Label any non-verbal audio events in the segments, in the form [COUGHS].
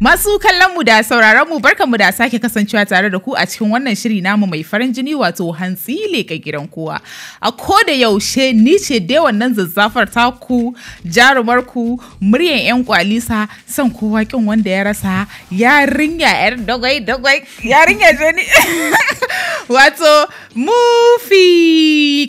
Masu kallon mu da sauraron mu barkan mu da sake kasancewa tare da ku a cikin wannan shiri namu mai farin jini wato hantsi leƙa gidan kowa. A ko da yaushe ni ce dai wannan zazzafar taku jarumar ku muryan yan kwalisa son kowa kin wanda ya rasa yarinya yar dogai dogai yarinya joni [LAUGHS] wato mufi.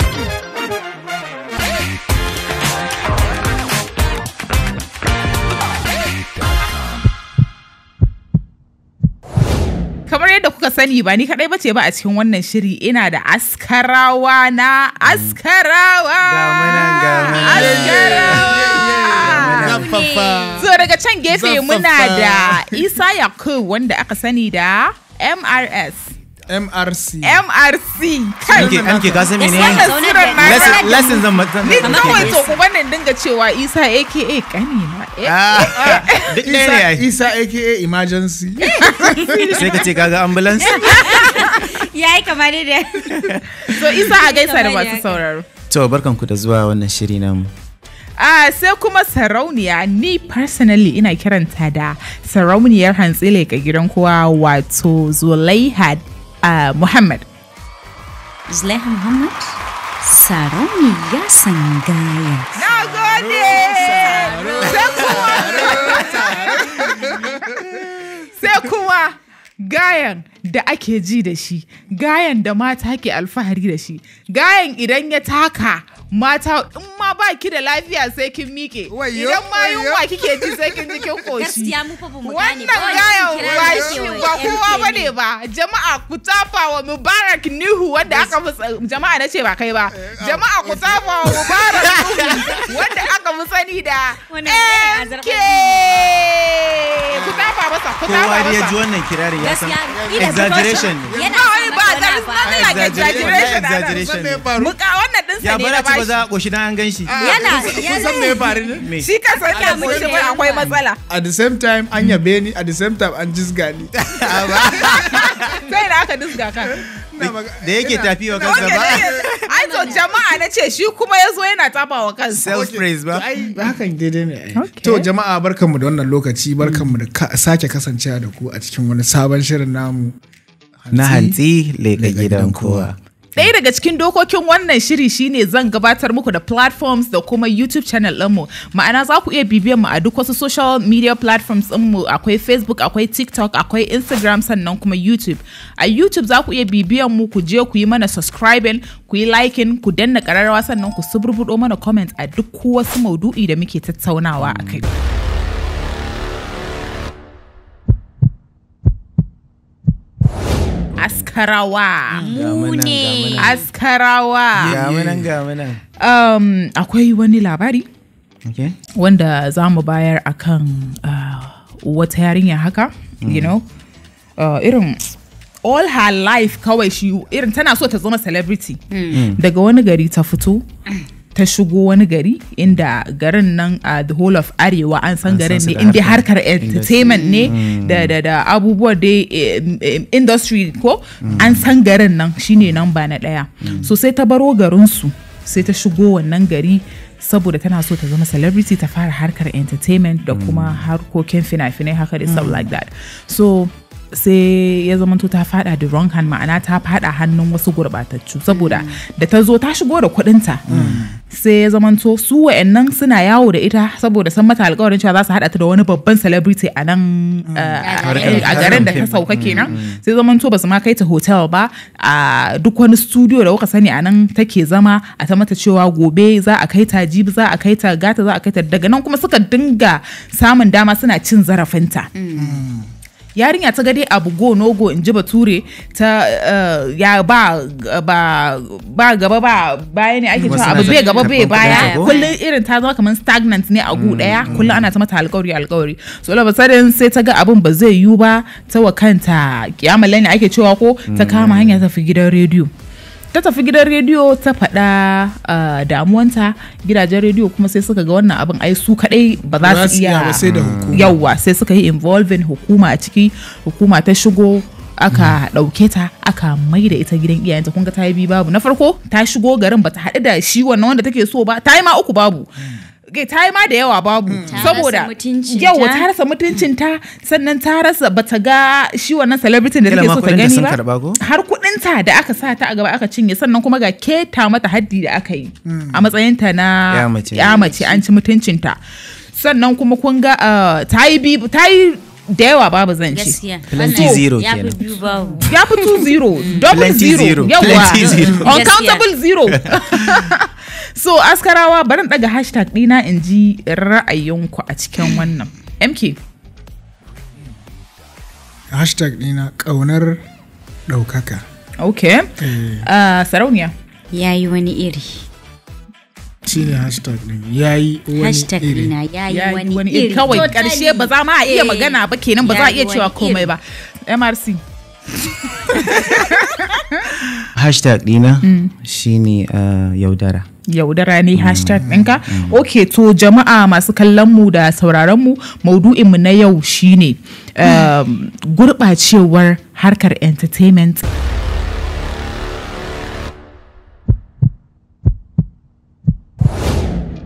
kamar yadda kuka sani ba ni kadai bace ba a cikin wannan shiri ina da askarawa na askarawa so daga can gefe muna da isa yakub wanda aka sani da mrs MRC. MRC. Kai. An ke gasa mene ne? Lesson zan mata. Ni kawai to ku wannan dinga cewa Isa aka kani na. Duk ɗaya ne ai. Isa aka emergency. Eh. [LAUGHS] Sai ka ce kaga ambulance. [LAUGHS] Ya yi kama da. So [LAUGHS] Isa a gaisa da masu sauraro. To barkanku da zuwa wannan shiri mu. Ah, sai kuma sarauniya ni personally ina kiranta da sarauniyar hantsi ka gidan kowa wato Zulaiha محمد Zulaiha محمد sarauniya يا Na gode! Sai kuma gayan da ake ji da shi, gayan da mata ke alfahari da shi, gayan idan ya taka mata in ma ba ki da lafiya sai kin miƙe idan ma yunwa kike ji sai kin ji kin koshi wannan gayan ba shi ba jama'a ku tafa wa mubarak nuhu wanda aka fi jama'a na ce ba kai ba eh, ah, jama'a ku eh. tafa wa mubarak nuhu [LAUGHS] wanda aka fi sani da mk ku dafa masa ku dafa masa kowa ya ji wannan kirari ya san exaggeration ne Yana ba wai ba da exaggeration exaggeration muka wannan din sa ne ya bara ba za a koshi dan an ganshi ah, yana yana san me faru ne shi ka san ka mun shi akwai matsala at the same time an yabe ni at the same time an jisga ni [LAUGHS] sai da aka disga ka da yake tafi wa kansa ba [LAUGHS] ai to jama'a na ce shi kuma ya zo yana taba wa kansa self praise ba hakan daidai ne to jama'a barkanmu da wannan lokaci barkanmu da sake kasancewa da ku a cikin wani sabon shirin namu na hantsi leƙa gidan kowa Ɗaya daga cikin dokokin wannan shiri shine zan gabatar muku da platforms da kuma YouTube channel ɗinmu. Ma'ana za ku iya bibiyan mu a duk wasu social media platforms ɗinmu akwai Facebook, akwai TikTok, akwai Instagram sannan kuma YouTube. A YouTube za ku iya bibiyan mu ku je ku yi mana subscribing, ku yi liking, ku danna ƙararrawa sannan ku suburbuɗo mana comments a duk wasu maudu'i da muke tattaunawa a kai. askarawa mu ne askarawa um, akwai wani labari wanda za mu bayar akan uh, wata yarinya haka you hmm. know uh, irin all her life kawai shi irin tana so ta zama celebrity hmm. daga wani gari ta fito ta shigo wani gari inda garin nan a uh, the whole of arewa an san garin ne inda harkar entertainment ne hmm. da da da abubuwa dai industry ko hmm. an san garin nan shine nan ba na daya hmm. so sai ta baro garin su sai ta shigo wannan gari saboda tana so ta zama celebrity ta fara harkar entertainment da kuma harkokin fina-finai haka da stuff like that so sai ya to ta fada da wrong hand ma'ana ta fada hannun wasu gurbatattu saboda da ta zo ta shigo da kuɗinta sai ya to su wa'annan suna yawo da ita saboda san mata alƙawarin cewa za su hada ta da wani babban celebrity a nan mm. a garin da ta sauka kenan mm. Mm. sai zamanto ba su ma kai ta hotel ba a duk wani studio da kuka sani a nan take zama a ta mata cewa gobe za a kai ta jib za a kai ta gata za a kai ta daga nan kuma suka dinga samun dama suna cin zarafinta. yarinya ta ga dai abu go no go in ji bature ta eh, ya ba ba ba gaba ba baya ne ake cewa abu bai gaba bai baya kullum irin ta zama kamar stagnant ne a gu daya mm. kullum ana ta mata alkawari alkawari so la basarin sai ta ga abun ba zai yiwu ba ta wa kanta kiyamalai ne ake cewa ko ta mm. kama hanya ta fi gidan rediyo ta tafi gidan rediyo ta faɗa damuwanta gidajen rediyo kuma sai suka ga wannan abin ai su kaɗai ba za su iya yauwa sai suka yi involving hukuma a ciki hukuma ta shigo aka hmm. ɗauke ta aka mai da ita gidan iyayenta kun ga ta yi babu na farko ta shigo garin ba ta haɗu da shi wannan wanda take so ba ta yi ma uku babu hmm. ta yi ma da yawa babu saboda mm. yawa ta rasa mutuncin sannan ta rasa bata ga shi wannan celebrity da take so ta gani ba har kudinta da aka sa ta a gaba aka cinye sannan kuma ga keta mata haddi da aka yi mm. a matsayin na ya mace an ci mutuncin ta sannan kuma kun ga eh, ta yi da yawa babu zan ce. Plenty zero kenan. Ya fi two zero. Double zero. Yawa. [LAUGHS] Uncountable zero. [LAUGHS] so askarawa barin daga hashtag dina in ji ra'ayinku a cikin wannan. MK. Hashtag dina ƙaunar ɗaukaka. Ok. Eh. Ah, sarauniya. Ya yi wani iri. shine hashtag din yayi hashtag dina yayi wani, wani iri kawai karshe ba za ma a iya eh. magana ba kenan ba za a iya cewa komai ba mrc hashtag dina mm. shine uh, yaudara yaudara ne mm. hashtag ɗinka mm. ok to jama'a masu kallon mu da sauraron mu maudu'in mu na yau shine um, gurɓacewar harkar entertainment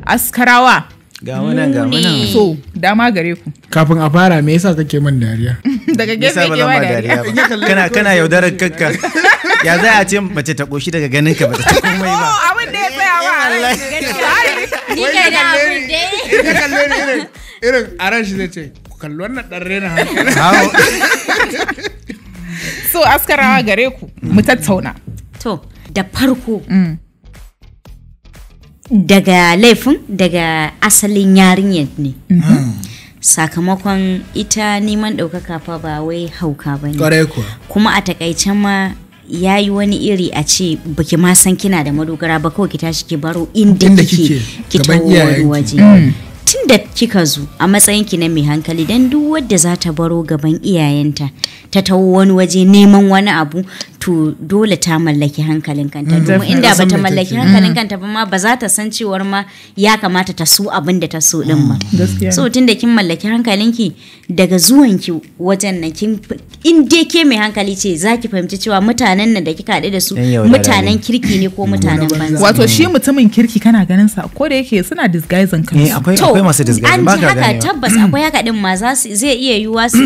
askarawa ga wannan ga wannan so dama gare ku [LAUGHS] kafin a fara me yasa kake min dariya [LAUGHS] daga gefe ke wa dariya [LAUGHS] kana kana yaudarar kanka ya za a ce mace ta koshi daga ganin ka bata ta komai ba oh, abin da ya tsaya wa ni ne da abin da ya kalle ni irin irin aran shi zai ce ku kalli wannan dan rena hankali so askarawa gare ku mu tattauna to da farko mm. daga laifin daga asalin yarinyar ne mhm. sakamakon ita neman ɗaukaka fa ba wai hauka ba ne kuma a takaicen ma ya yi wani iri a ce baki ma san kina da madogara ba kawai ki tashi ki baro inda kike ki tawo waje mm. tun da kika zo a matsayin ki na mai hankali don duk wadda za ta baro gaban iyayenta ta tawo wani waje neman wani abu to dole ta mallaki hankalin kanta domin inda ba ta mallaki hankalin mm. kanta ba ma ba za ta san cewar ma ya kamata ta so abin da ta so din ba mm, so tunda kin mallaki hankalinki daga zuwanki wajen nan kin in dai ke mai hankali ce za ki fahimci cewa mutanen nan da kika haɗu da su mutanen kirki ne ko mm. mutanen banza wato shi mutumin kirki kana ganin sa ko da yake suna disguising kansu eh, akwai akwai masu disguising ba ka haka tabbas akwai haka din ma za su zai iya yiwuwa su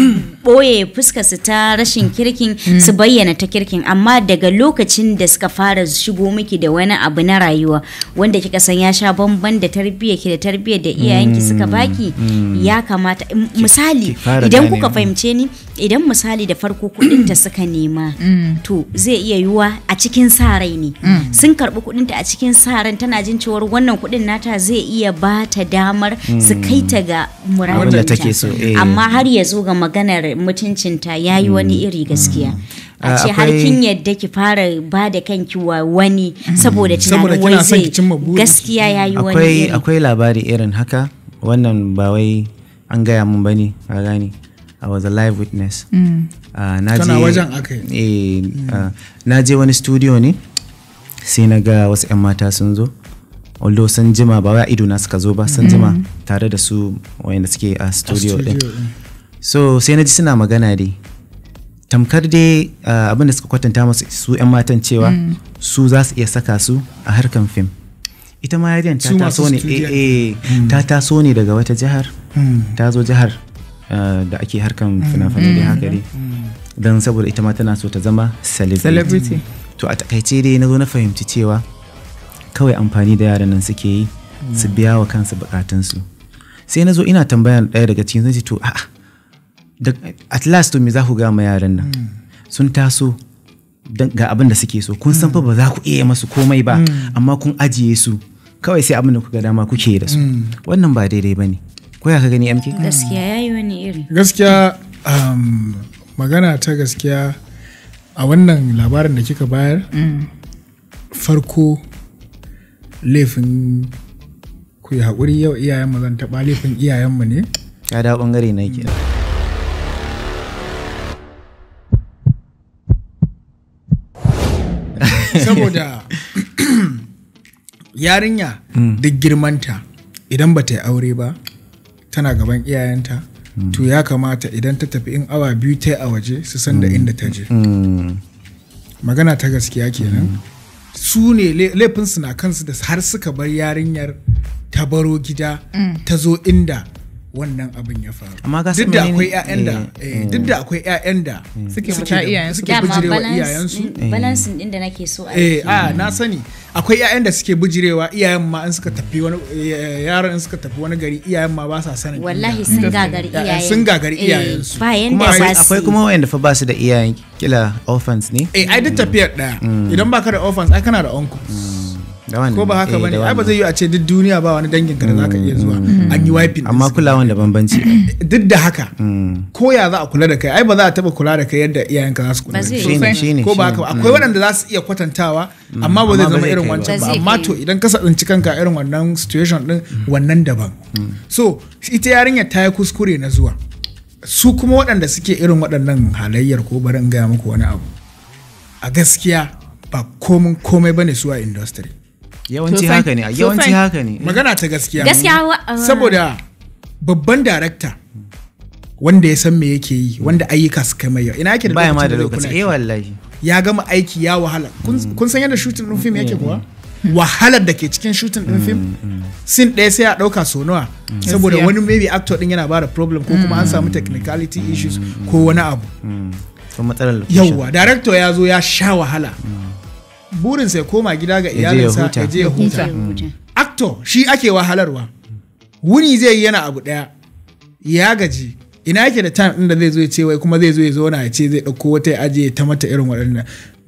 boye [CLEARS THROAT] fuskar su ta rashin kirkin su bayyana ta kirkin amma daga lokacin da suka fara shigo miki da wani abu na rayuwa wanda kika san ya sha bamban da tarbiyyar ki da tarbiyyar da iyayenki suka mm, baki mm. ya kamata misali idan kuka fahimce ni idan misali da farko ta suka nema mm. to zai iya yiwuwa a cikin sa rai ne sun karbi ta a cikin sa ran tana jin cewar wannan kudin nata zai iya ba ta damar su kai ta ga muradinta eh. amma har ya zo ga maganar mutuncinta yayi wani iri gaskiya a ce har kin yadda ki fara ba da kanki wa wani saboda mm. tunanin wai zai gaskiya yi wani akwai labari irin haka wannan ba wai an gaya mun bane a gani I was a live witness. Mm. Ah, eh, mm. ah, na je wani studio ne sai na ga wasu 'yan mata sun zo. although sun jima ba wa ido na suka zo ba sun jima tare da su wayanda suke a studio din. So sai na ji suna magana dai tamkar dai ah, abin da suka kwatanta masu su 'yan matan cewa mm. su za su iya saka su a harkan fim ita ma yadda eh, eh, mm. ta taso ne daga wata jihar mm. ta zo jihar ah, da ake harkan fina-finai da haka dai don saboda ita ma tana so ta zama celebrity to a takaice dai na zo na fahimci cewa kawai amfani da yaran nan suke yi su biya wa kansu bukatunsu sai na zo ina tambayar ɗaya daga cikin zai ce to a'a at last to me za ku ga ma yaran nan sun taso ga abin da suke so kun san fa ba za ku iya masu komai ba amma kun ajiye su kawai sai abin da kuka dama kuke da su wannan ba daidai ba ne ko ya ka gani mk gaskiya ya yi wani iri gaskiya um, magana ta gaskiya a wannan labarin da kika bayar farko laifin ku yi haƙuri yau iyayenmu zan taɓa laifin iyayenmu ne ya dawo ɓangare na kenan saboda [COUGHS] yarinya hmm. duk girmanta idan ba ta yi aure ba tana gaban iyayenta hmm. to ya kamata idan ta tafi in awa biyu ta yi a waje su san da hmm. inda ta je magana ta gaskiya kenan su ne laifinsu na kansu da har suka bar yarinyar ta baro gida ta zo inda wannan abin ya faru eh, eh, duk da akwai ƴaƴan da duk eh. da akwai ƴaƴan da suke mutar iyayen suke bijirewa iyayen su din da nake so a eh a ah, na sani akwai ƴaƴan da suke bujirewa iyayen ma in suka tafi wani yaran in suka tafi wani gari iyayen ma ba sa sanin wallahi sun gagari iyayen sun gagari iyayen su kuma akwai kuma wanda fa ba su da iyayen kila orphans ne eh ai duk tafiyar daya mm. idan baka da orphans ai kana da uncles mm. ko ba haka eh, bane ai ba zai yi a ce duk duniya ba wani dangin ka da zaka iya zuwa mm, mm, an yi mm. wiping amma kulawan da bambanci [COUGHS] duk da haka ko ya za a kula da kai ai ba za a taba kula da kai yadda iyayen ka za su kula da kai ko ba haka akwai waɗanda za su iya kwatantawa amma ba zai zama irin wancan ba amma to idan ka tsinci kanka irin wannan situation din wannan daban so ita yarinyar ta yi kuskure na zuwa su kuma waɗanda suke irin waɗannan halayyar ko bari in gaya muku wani abu a gaskiya ba komai bane su a industry yawanci haka ne yawanci haka ne magana ta gaskiya gaskiya uh, saboda babban director wanda ya san me yake yi hmm. wanda ayyuka suka mai yawa ina yake da baya ma da lokaci eh wallahi ya gama aiki ya wahala kun hmm. san yadda shooting din film yake hmm. kuwa wahalar da ke cikin shooting din film sin ɗaya sai a ɗauka so nawa saboda wani maybe actor din yana bada problem ko kuma an samu technicality issues ko wani abu yauwa director ya zo ya sha wahala burinsa ya koma gida ga iyalinsa ya je ya huta mm. actor shi ake wahalarwa wuni zai yi yana abu daya ya gaji ina yake da time inda zai zo ya ce wai kuma zai zo ya zo na ya ce zai ɗauko wata ya ajiye ta mata irin waɗannan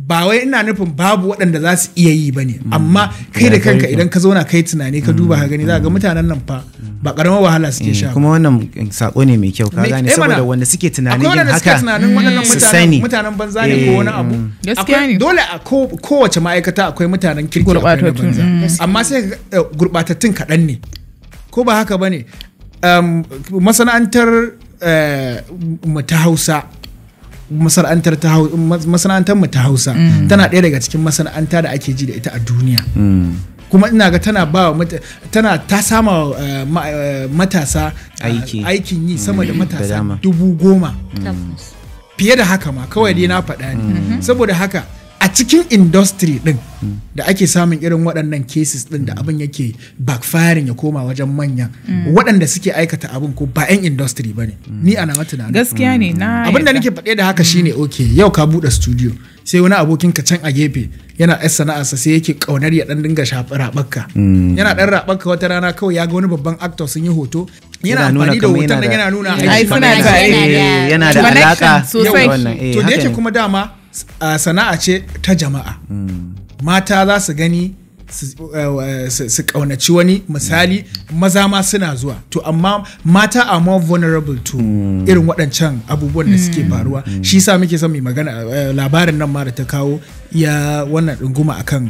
ba wai ina nufin babu waɗanda za su iya yi ba ne mm. amma kai da kanka idan ka zauna kai tunani ka duba ka gani za ga mm. mutanen nan fa ba karamar wahala suke mm. sha kuma wannan sako ne mai kyau ka gane eh saboda wanda suke tunanin yin haka su sani mutanen banza ne ko wani abu eh. dole a kowace ma'aikata akwai mutanen kirki akwai banza amma sai eh, gurbatattun kaɗan ne ko ba haka ba ne masana'antar mu ta hausa masana'antar ta masana'antar mu ta Hausa mm. tana ɗaya daga cikin masana'anta da ake ji da ita a duniya mm. kuma ina ga tana ba tana ta sama eh, eh, matasa eh, aikin yi sama da mm. matasa dubu goma fiye da haka ma kawai dai na faɗa ne saboda haka cikin industry din hmm. da ake samun irin waɗannan cases din da hmm. abin yake backfiring ya koma wajen manyan hmm. waɗanda suke aikata abin ko ba 'yan industry ba ne ni ana mata na gaskiya ne na abin da nake faɗe da haka shine okay yau ka buɗe studio sai wani abokin ka can a gefe yana ɗan sana'arsa sai yake ƙaunar ya ɗan dinga raɓakka yana ɗan raɓakka wata rana kawai ya ga wani babban actor sun yi hoto yana amfani da hoton yana nuna haifuna eh, yana da alaka sosai eh, to da yake kuma dama sana'a ce ta jama'a mata za su gani su kaunaci eh, eh, wani misali maza ma suna zuwa to amma mata are more vulnerable to irin waɗancan abubuwan da suke faruwa shi sa muke son mai magana eh, labarin nan ma da ta kawo ya wannan ɗunguma kan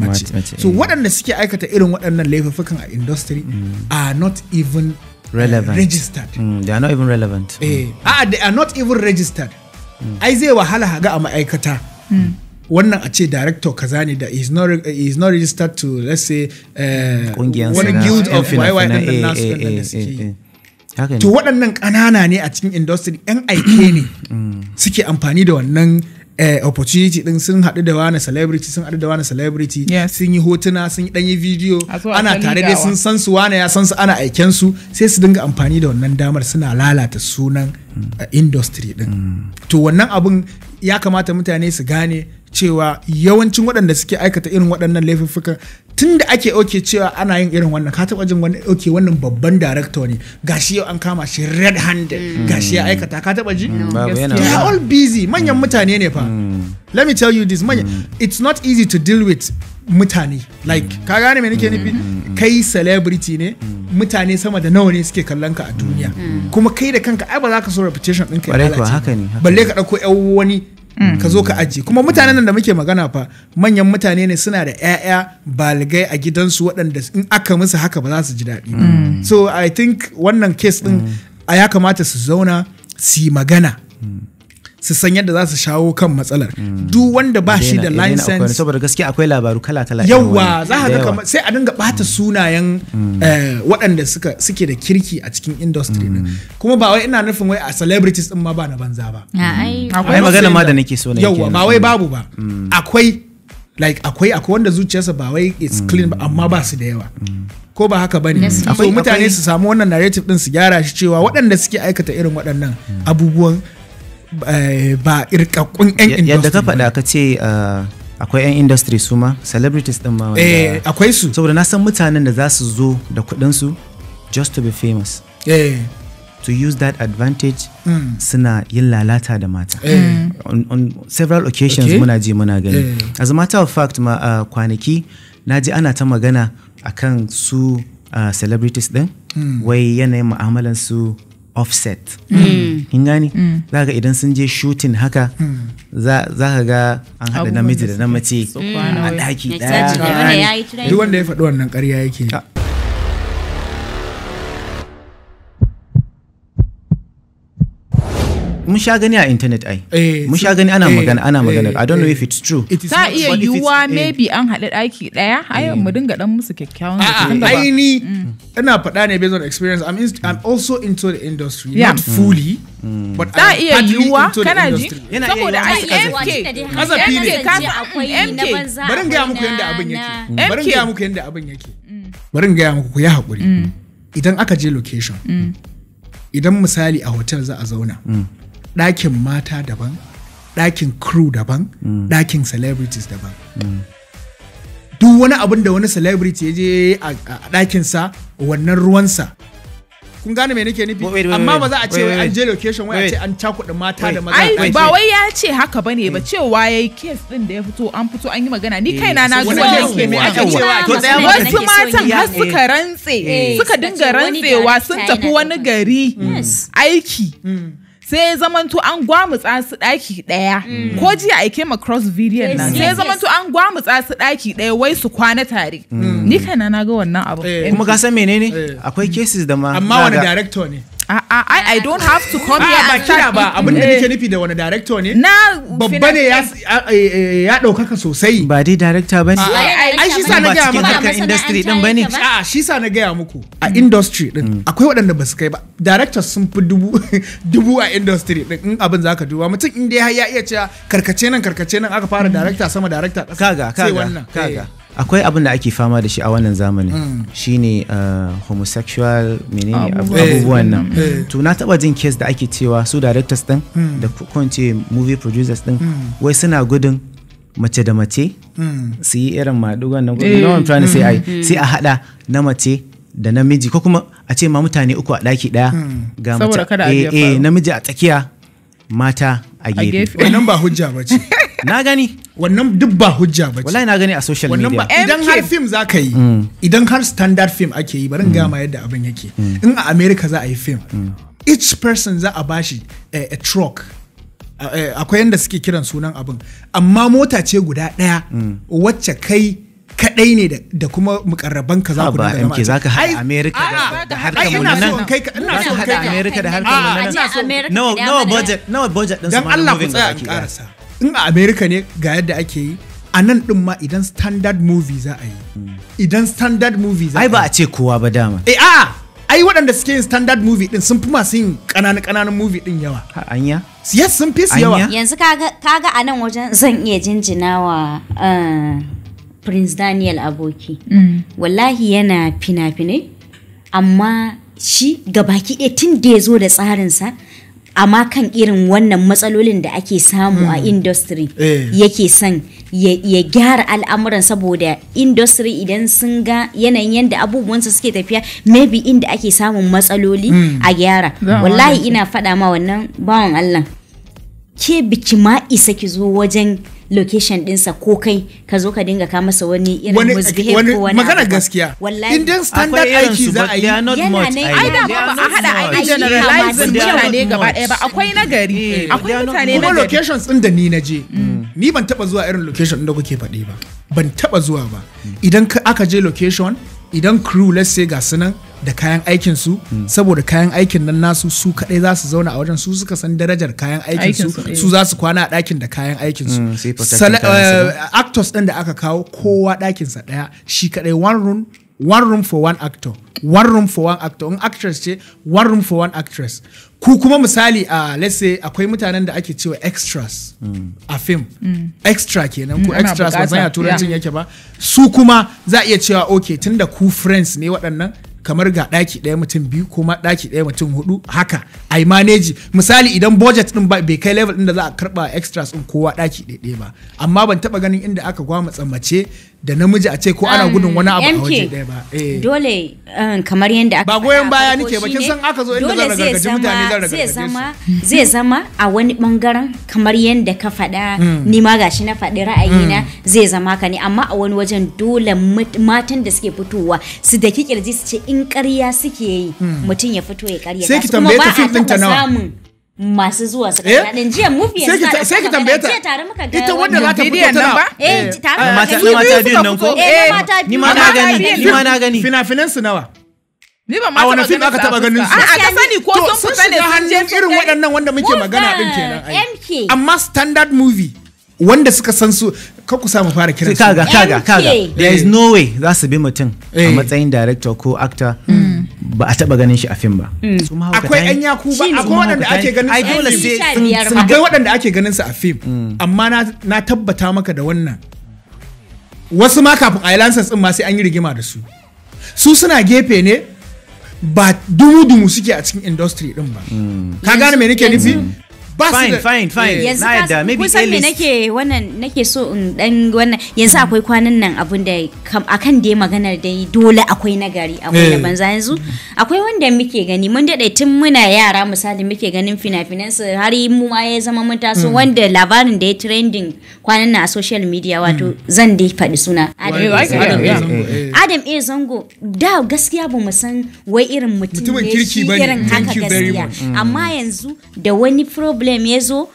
mace so waɗanda suke aikata irin waɗannan laifukan a industry mm. are not even relevant registered mm, they are not even relevant eh mm. ah, they are not even registered ai zai wahala haga a ma'aikata hmm. wannan a ce director kaza ne da is not registered to let's say eh, wani guild of YY eh, eh, da suke to waɗannan ƙanana ne a cikin industry yan aike ne hmm. suke amfani da wannan eh, opportunity din sun haɗu da wani celebrity sun haɗu da wani celebrity sun yi hotuna sun yi ɗanyi bidiyo ana tare da sun san su wani ya san su ana aiken su sai su dinga amfani da wannan damar suna lalata sunan hmm. eh, industry din hmm. to wannan abun ya kamata mutane su gane cewa yawancin waɗanda suke aikata irin waɗannan laifuffuka tun da ake oke cewa ana yin irin wannan ka taɓa jin wani oke wannan babban director ne gashi yau an kama shi red handed mm. gashi ya aikata ka taɓa ji mm. Mm. they are all busy manyan mutane ne fa let me tell you this manya it's not easy to deal with mutane like ka gane me nake nufi kai celebrity ne mutane sama da nawa ne suke kallon ka a duniya kuma kai da kanka ai ba za ka so reputation ɗinka ya lalace balle ka ɗauko yan wani Mm. ka zo ka ajiye kuma mutanen nan da muke magana fa manyan mutane ne suna da 'ya'ya baligai a gidansu waɗanda in aka musu haka ba za su ji daɗi ba mm. so i think wannan case din mm. a ya kamata su zauna su yi magana su san yadda za su shawo kan matsalar duk wanda ba shi da license saboda gaskiya akwai labaru kala kala yawa za ka ga sai a dinga bata mm. sunayen mm. Eh, waɗanda suka suke da kirki a cikin industry mm. ne kuma ba wai ina nufin wai a celebrities din ma ba na banza ba akwai magana ma da nake so ne yawa ba wai babu ba akwai like akwai akwai wanda zuciyarsa ba wai it's clean ba amma ba su da yawa ko ba haka bane akwai mutane su samu wannan narrative din su gyara shi cewa waɗanda suke aikata irin waɗannan abubuwan Eh, ba irkakkun 'yan industry yadda ka faɗa ka ce eh, akwai 'yan industry su ma celebrities din ma wanda eh, akwai su saboda na san mutanen da za su zo da kuɗin su just to be famous to use that advantage hmm. suna yin lalata da mata on several occasions muna ji muna gani as a matter of fact ma kwanaki na ji ana ta magana akan su celebrities din hmm. wai yanayin mu'amalan su offset hmm. kin gani hmm. za ka idan sun je shooting haka hmm. za ka ga an haɗa namiji da na a ɗaki ɗaya duk wanda ya faɗi wannan ƙarya yake ah. mun sha gani a internet ai eh, mun sha gani ana eh, magana ana eh, magana i don't know if it's true ta iya yiwuwa maybe an haɗa ɗaki ɗaya ai mm. mu dinga dan musu kyakkyawan ai ni mm. ina faɗa ne based on experience i'm i'm also into the industry not fully mm. but ta iya yiwuwa kana ji saboda ai mk mk kaza mk bari in gaya muku yadda abin yake bari in gaya muku yadda abin yake bari in gaya muku ku yi hakuri idan aka je location idan misali a hotel za a zauna ɗakin mata daban ɗakin crew daban mm. ɗakin celebrities daban mm. duk wani abin da wani celebrity ya je a ɗakinsa wannan ruwansa kun gane me nake nufi amma ba za a ce an je location wai a ce an cakuɗa mata da maza ai ba wai ya ce haka bane ba mm. cewa yayi case din da ya fito an fito an yi magana ni eh, kaina na zuwa wasu matan har suka eh. rantse eh. suka dinga rantsewa sun tafi wani gari aiki sai zamanto an gwamutsa su daki daya mm. ko jiya aike ma cross video nan sai zamanto an gwamutsa su daki daya wai su kwana tare mm. ni kana na ga wannan abu eh. kuma ka san menene eh. akwai cases da ma amma wani director ne A'a, I, I don't have to come here and start. ba abin da nake nufi da wani director ne? Na babba ne ya eh, eh, ɗaukaka sosai. Ba dai director ba ne. Ai shi sa na gaya muku. Ba industry din ba ne. A'a shi sa na gaya muku. A mm. industry din mm. akwai waɗanda ba su kai ba. Directors sun fi dubu [LAUGHS] dubu a industry din in abin zaka duba mutum in dai ya iya cewa karkace nan karkace nan aka fara mm. director sama director ƙasa. Kaga kaga kaga. Eh. akwai abin da ake fama da shi a wannan zamanin mm. shine uh, homosexual menene eh, abubuwan nan eh, eh. to na taba jin case da ake cewa su directors din mm. da kwance movie producers din mm. wai suna gudun mace da mace su yi irin maɗugan nan no I'm trying to say ai sai a hada na mace da namiji ko kuma a ce ma mutane uku a ɗaki ɗaya ga mace eh namiji a tsakiya mata a gefe wannan ba hujja ba ce [LAUGHS] [LAUGHS] na gani wannan duk ba hujja ba wallahi na gani a social media idan har film za ka yi mm. idan har standard film ake yi barin gama yadda abin yake mm. in a america za a yi film mm. each person za a bashi eh, a truck eh, akwai yadda suke kiran sunan abin amma mota ce guda daya wacce kai kadai ne da kuma mukarraban ka za ku da yawa za ka haɗa America da harkar mu nan ina so kai ka America da harkar mu nan nawa budget nawa budget din su dan Allah ku tsaya in karasa in a america ne ga yadda ake yi a nan din ma idan standard movie za a yi idan standard movie za a yi ai ba a ce kowa ba dama eh a ai waɗanda suke yin standard movie din sun fi masu yin ƙananan ƙananan movie din yawa anya yes sun fi su yawa yanzu kaga kaga a nan wajen zan iya jinjina wa eh, prince daniel aboki mm. wallahi yana fina-finai amma shi gabaki ɗaya tun da ya zo da tsarinsa amma kan irin wannan matsalolin da ake samu a hmm. industry eh. yake son ya gyara al'amuran saboda industry idan sun ga yanayin yadda abubuwansa suke tafiya maybe inda ake samun matsaloli hmm. a gyara wallahi ina faɗa ma wannan bawan Allah ke biki ma isa ki zo wajen location dinsa ko kai ka zo ka dinga ka masa wani irin misbehave ko wani magana gaskiya in dan standard aiki za a yi yana ne ai da ba a hada yi generalizing mutane gaba ɗaya ba akwai nagari akwai mutane nagari kuma locations din da ni na je mm. ni ban taba zuwa irin location din da kuke faɗi ba ban taba zuwa ba idan aka je location idan crew let's say ga sunan da kayan aikin su hmm. saboda kayan aikin nan nasu su kadai za su zauna a wajen su suka san darajar kayan aikin su eh. su za su kwana a dakin da kayan aikin su hmm, eh, actors din da aka kawo kowa dakin sa daya shi kadai one room one room for one actor one room for one actor in actress ce one room for one actress ku kuma misali a let's say akwai mutanen da ake cewa extras mm. a film mm. extra kenan ko mm, extras ba zan turancin yake ba su kuma za iya cewa okay da ku friends ne waɗannan kamar ga ɗaki ɗaya mutum biyu kuma ɗaki ɗaya mutum hudu haka ai maneji misali idan budget din bai kai level din da za a karba extras din kowa ɗaki ɗaya ba amma ban taɓa ganin inda aka gwamutsa mace da namiji a ce ko ana um, gudun wani abu a waje ɗaya ba eh. dole um, kamar yadda aka ba goyon baya nike ba kin san aka zo inda zan ragargaji mutane zan ragargaje su [LAUGHS] zai zama a wani bangaren kamar yadda ka faɗa hmm. ni ma gashi na faɗi ra'ayina hmm. zai zama ka ne amma a wani wajen dole matan da suke fitowa su daki kirji su ce in ƙarya suke yi hmm. mutum ya fito ya ƙarya sai ki tambaye ta fim ɗin ta nawa masu zuwa su kai eh? din jiya mufi yanzu sai ki tambaye ta tare muka ga ita wanda za ta fito ta ba eh, eh. tare mata mata biyun nan ko eh, eh ni ma na gani ni ma na gani fina-finan su nawa Ni ba ma wani fim aka taba ganin su. A'a ka sani ko sun fita ne sun je irin waɗannan wanda muke magana din kenan. MK. Amma standard movie wanda suka san su ka ku samu fara kiran su. Kaga kaga kaga there is no way za su bi mutum a matsayin director ko actor mm. ba a taba ganin shi a fim ba. Mm. Akwai ƴan yaku ba akwai waɗanda ake ganin su a fim. akwai waɗanda ake ganin su a fim mm. amma na tabbata maka da wannan wasu ma kafin a yi lansas ɗin ma sai an yi rigima da su su suna gefe ne ba dumu-dumu suke a cikin industry ɗin ba mm. ka gane me nake nufi ba fine fine fine eh. yanzu ka kusan me nake wannan nake so in dan wannan yanzu akwai kwanan nan abun da akan da maganar dai dole akwai nagari akwai na eh. banza yanzu akwai wanda muke gani mun dade tun muna yara misali muke ganin fina-finan su har mu ma ya zama mun taso hmm. wanda labarin da ya trending kwanan nan a social media wato hmm. zan dai faɗi suna eh. Adam A zango da gaskiya ba mu san wai irin mutum ne shi irin haka gaskiya amma hmm. yanzu da wani problem problem ya zo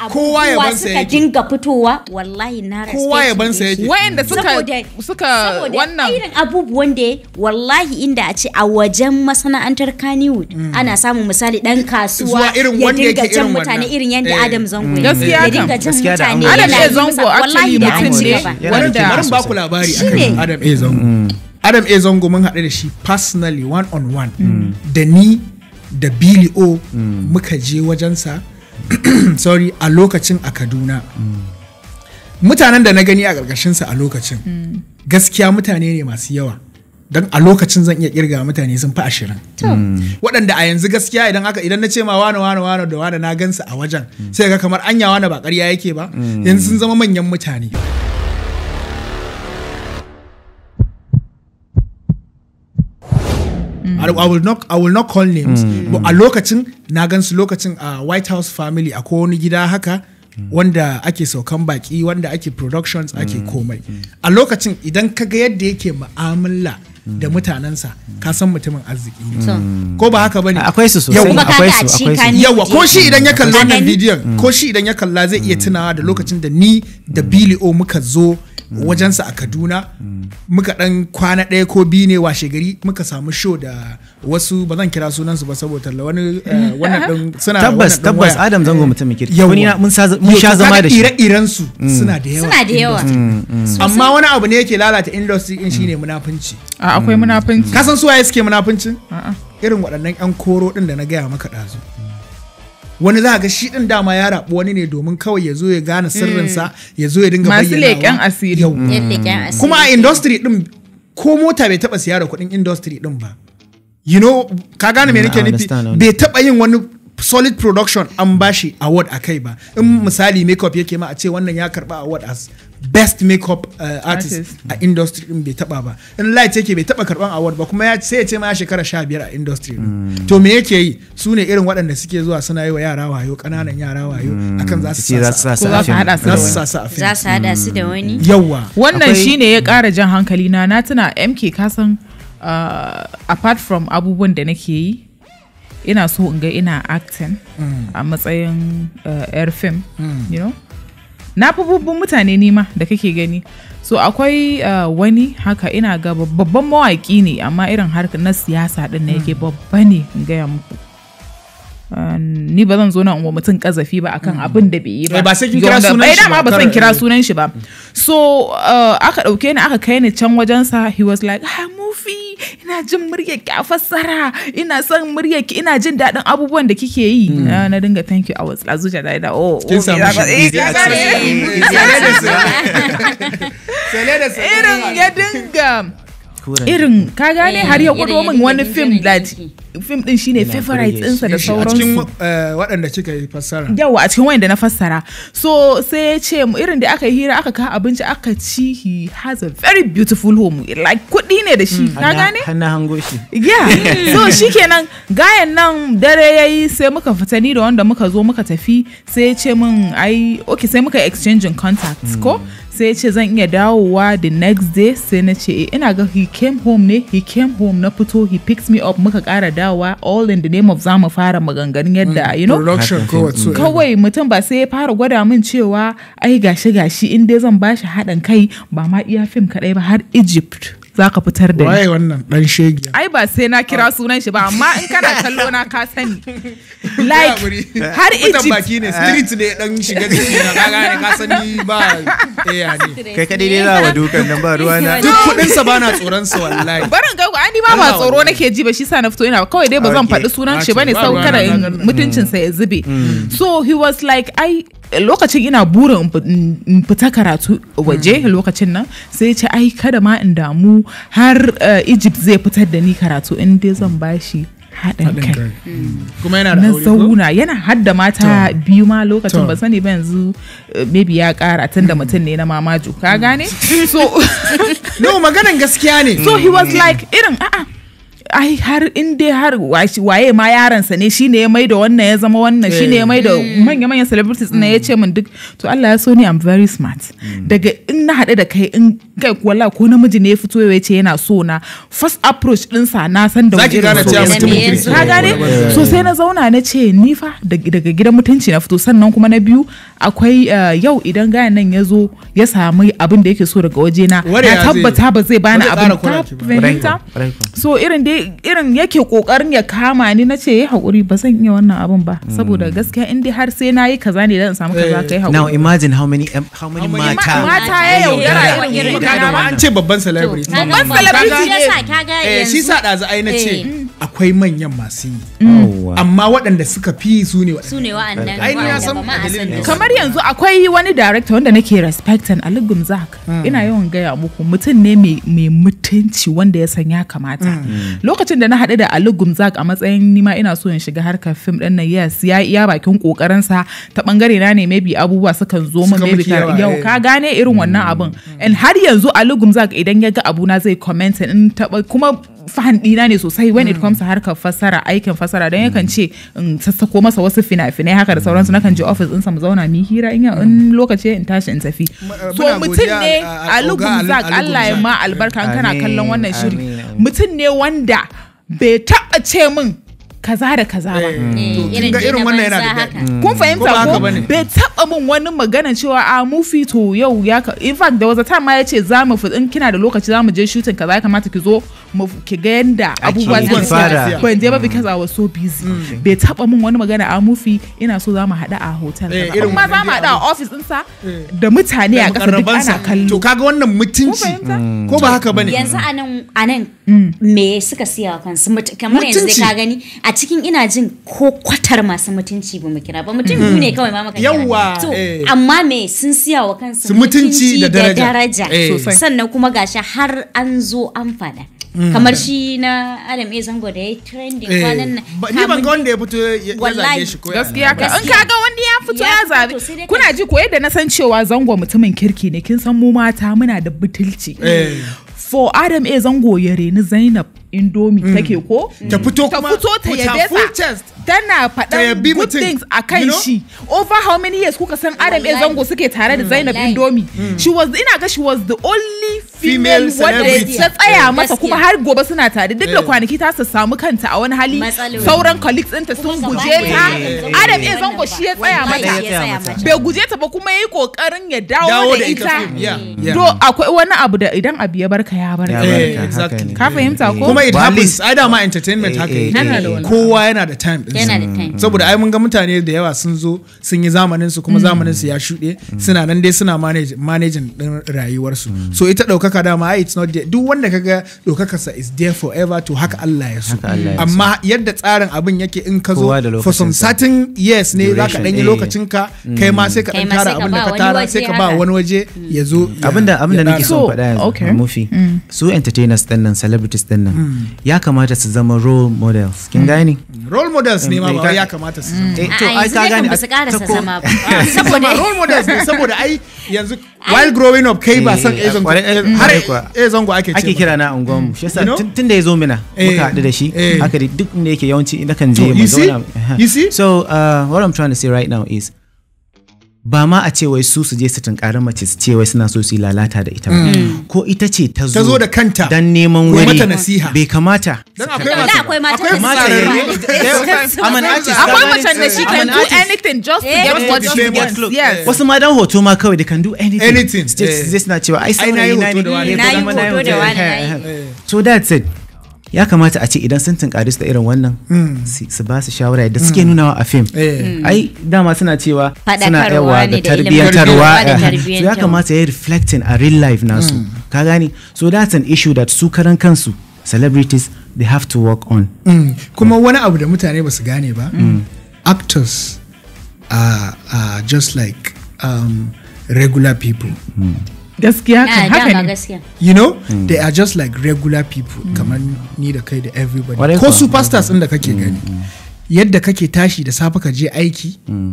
kowa ya bansa suka dinga fitowa wallahi na kowa ya bansa yake wayanda suka suka wannan irin abubuwan da wallahi inda a ce a wajen masana'antar Kannywood mm. ana samun misali dan kasuwa irin wanda yake irin mutane irin yanda Adam Zango ya dinga jin mutane Adam A Zango actually mutum ne wanda bari ba ku labari akan Adam A Zango mm. Adam A Zango mun haɗu da shi personally one on one mm. da ni da bili o mm. muka je wajensa [CLEARS THROAT] sorry a lokacin a kaduna mm. mutanen da na gani a ƙarƙashinsa a lokacin mm. gaskiya mutane ne masu yawa don a lokacin zan iya kirga mutane sun fi ashirin waɗanda a yanzu gaskiya idan aka idan na ce ma wane wane wane da wane na gansu a wajen sai ga kamar anya wane ba ƙarya yake ba yanzu sun zama manyan mutane I, will not I will not call names mm. but a lokacin na gansu lokacin a White House family a wani gida haka mm. wanda ake saukan baki wanda ake productions ake mm. komai a lokacin idan ka ga yadda yake mu'amala da mutanensa ka san mutumin arziki ne ko ba haka bane akwai su sosai akwai su yawa ko shi idan ya kalla wannan bidiyon ko shi idan ya kalla zai iya tunawa da lokacin da ni da Billy O muka zo wajensa a kaduna muka dan kwana ɗaya ko biyu ne washe gari muka samu show da wasu ba zan kira sunansu ba saboda wani eh, wannan dan [LAUGHS] suna tabbas tabbas adam zango eh, mutumin kirki wani mun sha zama da shi ire-iren su mm. suna da yawa suna da yawa mm, mm, amma wani abu ne yake lalata industry din shine munafunci akwai munafunci kasan suwaye suke munafuncin irin waɗannan yan koro din da na gaya maka ɗazu wani za ga shi din dama ya rabu wani ne domin kawai ya zo ya gane sirrinsa ya zo ya dinga bayyana masu leƙen asiri kuma a industry din ko mota bai taba siya da kuɗin industry din ba you know ka gane me mm, nake nufi bai taba yin wani solid production an bashi award a kai ba in misali makeup yake ma a ce wannan ya karba award as best makeup uh, artist a industry din bai taba ba in light yake bai taba karban award ba kuma sai ya ce ma ya shekara 15 a industry din mm. to me yake yi su ne irin waɗanda suke zuwa suna yi wa yara wayo kananan yara wayo akan za su za su hada su za su za su hada su da mm. wani yawa wannan shine ya ƙara jan hankali na na tuna MK kasan uh, apart from abubuwan da nake yi ina so in ga ina acting mm. a matsayin uh, air film you know na fi mutane nima da kake gani so akwai uh, wani haka ina ga babban mawaki ne amma irin harkar na siyasa din na yake mm. babba ne in gaya muku ni ba zan zo nan wa mutum kazafi ba akan mm. abin da bai yi ba eh, ba sai kin kira sunan eh, shi ba ba san kira sunan shi ba mm. so uh, aka dauke ni aka kai ni can wajen sa he was like ha ah, mufi ina jin muryar ki a fassara ina son muryar ki ina jin dadin abubuwan da kike yi mm. na dinga thank you i was lazuja da ida oh, oh kin samu shi irin ya dinga irin ka gane eh, har ya kudo min wani film that film din shine favorite ɗinsa da sauransu a cikin eh, waɗanda kika yi fassara yawa a cikin waɗanda na fassara so sai ya ce irin da aka yi hira aka kawo abinci aka ci he has a very beautiful home like kuɗi ne da shi mm. ka gane hannu hango shi yeah [LAUGHS] so shikenan gayan nan dare yayi sai muka fita ni da wanda muka zo muka tafi sai ya ce min ai okay sai muka exchanging contact ko sai ce zan iya dawowa the next day sai na ce eh, ina ga he came home ne he came home na fito he picks me up muka kara dawowa all in the name of zamu fara maganganun yadda mm, you know eh. kawai mutum ba sai ya fara gwada min cewa ai gashi gashi in dai zan bashi haɗin kai ba ma iya fim kaɗai ba har Egypt za ka fitar da ni. Waye wannan dan shege. Ai ba sai na kira ah. sunan shi ba amma in kana kallo na ka sani. Like har Egypt. Mutan baki ne street ne dan shiga jiki na ka gane ka sani ba eh ne. Kai kadai ne na wa dukan nan ba ruwa na. Duk kudin sa bana tsoron sa wallahi. Barin ga an ni ba tsoro nake ji ba shi sa na fito ina kawai dai ba zan faɗi sunan shi bane sau kada mutuncin sa ya zube. Hmm. So he was like I lokacin ina burin in fita karatu waje hmm. lokacin nan sai ce ai kada ma in damu har eh, egypt zai fitar da ni karatu in dai zan bashi haɗin kai hmm. Hmm. kuma yana da aure zauna yana hadda mata biyu ma lokacin ba sani ba yanzu eh, maybe ya kara, tun da mutum ne na mamaju. ka gane [LAUGHS] so no maganan gaskiya ne so he was like irin a'a ai har in dai har waye ma yaransa ne shine ya maida wannan ya zama wannan shine ya eh. maida mm. manya manyan celebrities na ya ce min duk to Allah ya so ni I'm very smart mm. daga in na haɗu da kai in kai wala ko namiji ne ya fito ya ce yana so na first approach sa na san da wani ka gane eh. so sai na zauna na ce ni fa daga gidan mutunci na fito sannan kuma na biyu akwai eh, yau idan gayan nan ya zo ya samu abin da yake so daga waje na na tabbata ba zai bani abin ta so irin dai irin yake kokarin ya kama ni na ce ya haƙuri ba zan iya wannan abin ba hmm. saboda gaskiya in dai har sai na yi kaza ne zan samu kaza kai haƙuri now imagine how many how many mata mata ya yaudara irin irin an ce babban celebrity babban celebrity ne eh, shi sa ɗazu ai na ce eh. akwai manyan masu yi mm. amma waɗanda suka fi su ne waɗanda ai a san kamar yanzu akwai wani director wanda nake respectin Ali Gumzak hmm. ina yawan gaya muku mutum ne mai mutunci wanda ya san ya kamata hmm. lokacin da na haɗu da Ali Gumzak a matsayin nima ina so in shiga harkar fim ɗin nan yes ya iya bakin kokarin sa ta bangare na ne maybe abubuwa sukan zo min maybe ka yau eh. ka gane irin wannan mm. abin mm. and har yanzu Ali Gumzak idan ya ga abuna zai comment in taba kuma fan dina ne sosai when it mm. comes to harkar fasara aikin fasara don yakan mm. ce in sassako masa wasu fina-finai haka da sauransu nakan je office ɗinsa mu zauna mu hira in in mm. lokaci in tashi in tafi eh, so mutum ne eh, alugumzak eh, Allah ya ma albarka kana kallon wannan shiri mutum ne wanda bai taɓa ce min kaza da kaza ba. Eh, mm. Kin ga irin wannan yana da Kun fahimta ko bai taba mun wani magana cewa a ah, mu fito yau ya ka in fact da wata time ma yace za mu in kina da lokaci za mu je shooting kaza ya kamata ki zo mu ki ga yanda abubuwa su fara. Ban je ba because I was so busy. Mm. Bai taba mun wani magana a ah, fi ina so za mu haɗu a hotel. Eh, Kuma za mu haɗu a office sa eh. da mutane a ƙasa duk ana kallo. To kaga wannan mutunci mm. ko ba haka bane. Yanzu anan anan me suka siya kansu kamar yanzu dai ka gani a cikin ina jin ko kwatar masu mutunci ba mu kira ba mutum ne hmm. kawai ma muka yawa eh. amma me sun siya wa kansu mutunci da daraja eh. sannan kuma gashi har an zo an fada hmm. kamar shi na alam zango da ya trending eh. kwanan nan ni ban ga wanda ya fito ya zage shi ko gaskiya ka in kaga wanda ya fito ya zabe kuna ji ko yadda na san cewa zango mutumin kirki ne kin san mu mata muna da butulci for adam a zango ya reni zainab indomi mm. take ko ta mm. fito ta fito ta yabe tana faɗan good things a kan shi over how many years kuka san Adam A Zango suke tare da mm. Zainab Indomi she was ina ga she was the only female wadda ta tsaya masa kuma har gobe suna tare duk da eh. kwanaki ta sa samu kanta a wani hali sauran colleagues ɗinta sun guje ta Adam A Zango shi ya tsaya mata bai guje ta ba kuma yayi kokarin ya dawo da ita do akwai wani abu da idan abu ya barka ya barka eh, ka fahimta ko kuma it happens ai eh, eh, eh, da ma entertainment haka kowa yana da time din mm. saboda ai mun ga mutane da yawa sun zo sun yi zamanin su kuma mm. zamanin su ya shuɗe mm. suna nan dai suna managing din rayuwar su so ita daukaka dama ai it's not there duk wanda kaga daukaka sa is there forever to haka Allah ya so amma yadda tsarin abin yake in ka zo for some certain years ne zaka dan yi lokacin ka kai ma sai ka dan tara abin da ka tara sai ka ba wani waje ya zo abinda abinda nake son faɗa yanzu mufi su entertainers din nan celebrities din nan Mm. ya kamata su zama role models kin mm. gani role models ne ma ba eh, ya kamata su zama eh, to ai ka gani ba su karasa zama ba [LAUGHS] saboda role models ne saboda ai yanzu while growing up kai ba san ezon eh, har ezon ake ake kira na ungon mm. shi yasa tun da yazo mina muka haɗu da shi haka duk inda yake yawanci na kan je mu zauna you see so uh, what i'm trying to say right now is ba ma a ce wai su su je su tunkari mace su ce wai suna so su yi lalata da ita ba. Mm. ko ita ce ta zo da kanta dan neman wuri bai kamata akwai mata akwai mace da she can do anything just to eh, get what she wants wasu ma dan hoto ma kawai they can do anything anything zai suna cewa ai sai na yi hoto da wani eh, eh, so that's it ya kamata a ce idan sun tunkari su da irin wannan hmm. su ba su shawara yadda suke nunawa a fim hmm. Eh. Hmm. ai dama suna cewa suna yawa da tarbiyyantarwa su [LAUGHS] ya kamata ya yi reflecting a real life nasu ka gani so that's an issue that su karan kansu celebrities they have to work on kuma wani abu da mutane ba su gane ba actors are, just like um, regular people gaskiya kan haka ne you know mm. they are just like regular people mm. kamar ni da kai da everybody ko superstars din da kake hmm, gani hmm. yadda kake tashi da safe ka je aiki hmm.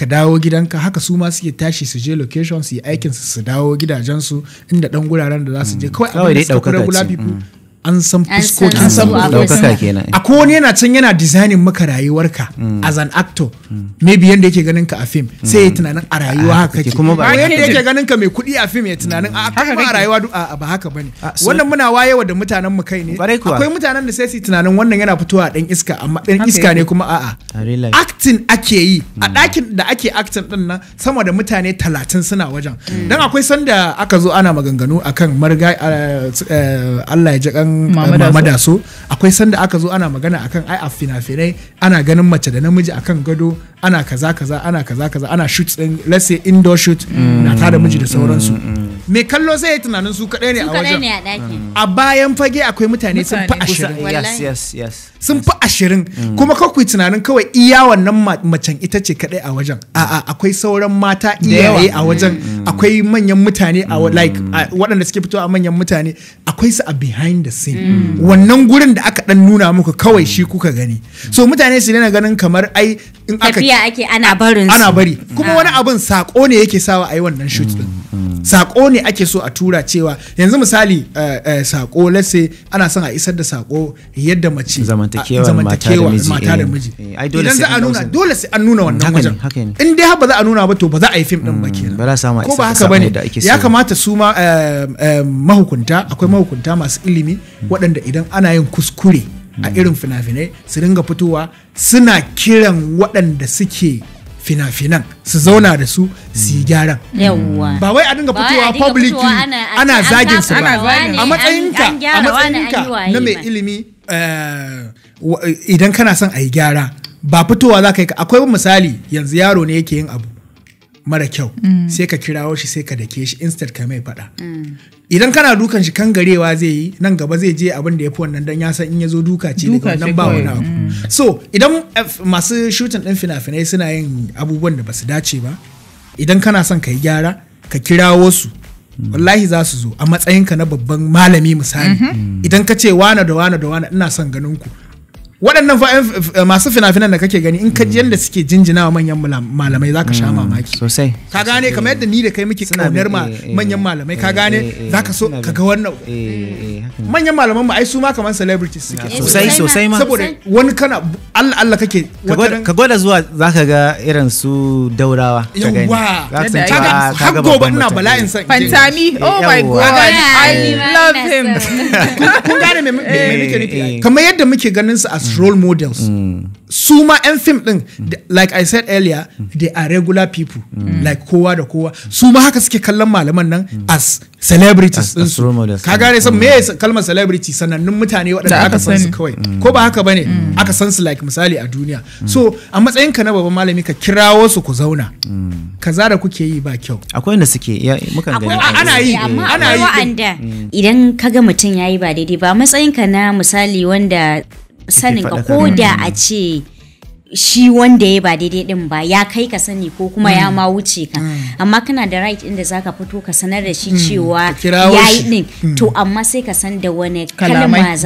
ka dawo gidanka haka su ma suke tashi su je location su yi aikin su su dawo gidajensu inda dan guraren da za su je kawai abin da suka regular people an san fuskokin an san kenan wani yana can yana designing maka rayuwarka mm. as an actor mm. maybe yanda yake ganin ka a film sai ya mm. tunanin a rayuwa ah, haka ke kuma ba yanda yake ganin ka mai kuɗi a film ya tunanin ah, a rayuwa a ah, ba haka bane wannan muna wayewa da mutanen mu kai ne akwai mutanen da sai su tunanin wannan yana fitowa dan iska amma dan iska ne kuma a'a acting ake yi a ɗakin da ake acting din nan sama da mutane talatin suna wajen dan akwai sanda aka zo ana maganganu akan marga eh, eh, Allah ya ji kan mamada so akwai sanda aka zo ana magana akan ai a fina-finai ana ganin mace da namiji akan gado ana kaza kaza ana kaza kaza ana shoot din let's say indoor shoot na tare da miji da sauransu mm, mm, mm, mai kallo zai yi tunanin su kaɗai ne a wajen a bayan fage akwai mutane sun fi ashirin sun fi ashirin mm. kuma kawai tunanin kawai iya wannan macen ita ce kaɗai a wajen a'a akwai sauran mata iyaye a wajen mm. akwai manyan mutane a mm. like waɗanda suke fito a manyan mutane akwai su a behind the scene wannan gurin da aka ɗan nuna muku kawai shi kuka gani so mutane su daina ganin kamar ai in aka tafiya ake ana barin ana bari kuma wani abin sako ne yake sawa a yi wannan shoot din mm, mm, mm. sako ne ake so a tura cewa yanzu misali eh, eh, sako lase ana son a isar da sako yadda mace zamantakewa mata da miji eh, idan za a nuna dole sai an nuna wannan wajen in dai ba za a nuna ba to ba za a yi fim din ba kenan ko ba haka bane ya kamata su ma mahukunta akwai mahukunta masu ilimi waɗanda idan ana yin kuskure a irin fina-finai su ringa fitowa suna kiran waɗanda suke fina-finan su zauna da su su yi gyaran ba wai a dinga fitowa publicly ana zagin su ba a matsayinka a matsayinka na mai ilimi eh, idan kana son a yi gyara ba fitowa za ka yi akwai misali yanzu yaro ne yake yin abu mara kyau mm. sai ka kirawo shi sai ka dake shi instant ka mai faɗa mm. idan kana dukan shi kan garewa zai yi nan gaba zai je abin da ya fi wannan dan ya san in ya zo duka ce daga wannan ba wani abu mm. so idan eh, masu shooting din fina-finai suna yin abubuwan da basu dace ba idan kana son ka yi gyara ka kirawo su mm. wallahi za su zo a matsayinka na babban malami misali mm-hmm. idan ka ce wana da wana da wana ina son ganin ku waɗannan fa eh, masu fina-finan da kake gani in ka ji hmm. yadda suke jinjina wa manyan malamai za ka sha hmm, mamaki sosai ka gane kamar yadda ni da kai muke kaunar eh, eh, manyan malamai ka gane za ka so ka ga wannan manyan malaman mu ai su ma kamar celebrities suke sosai sosai ma saboda wani kana Allah Allah kake ka gwada zuwa za ka ga irin su daurawa ka gani har gobe ina bala'in san fantami oh my god i love him kun gane me muke nufi kamar yadda muke ganin su a as role models mm. su ma 'yan fim din mm. like i said earlier mm. they are regular people like kowa da kowa suma haka suke kallon malaman nan as celebrities as role models. ka gane san me kalmar celebrity sanannun mutane waɗanda aka san su kawai ko ba haka bane aka san su like misali a duniya so a matsayin ka na babban malami ka kirawo su ku zauna kaza da kuke yi ba kyau akwai wanda suke ya mukan gani ana yi ana yi idan kaga mutum yayi ba daidai ba matsayin ka na misali wanda sanin ka ko da a ce shi wanda ya ba daidai din ba ya kai ka sani ko kuma ya mm. ma wuce ka mm. amma kana da right inda ka fito ka sanar da shi mm. cewa ya yi din to amma sai ka san da wani kalma ka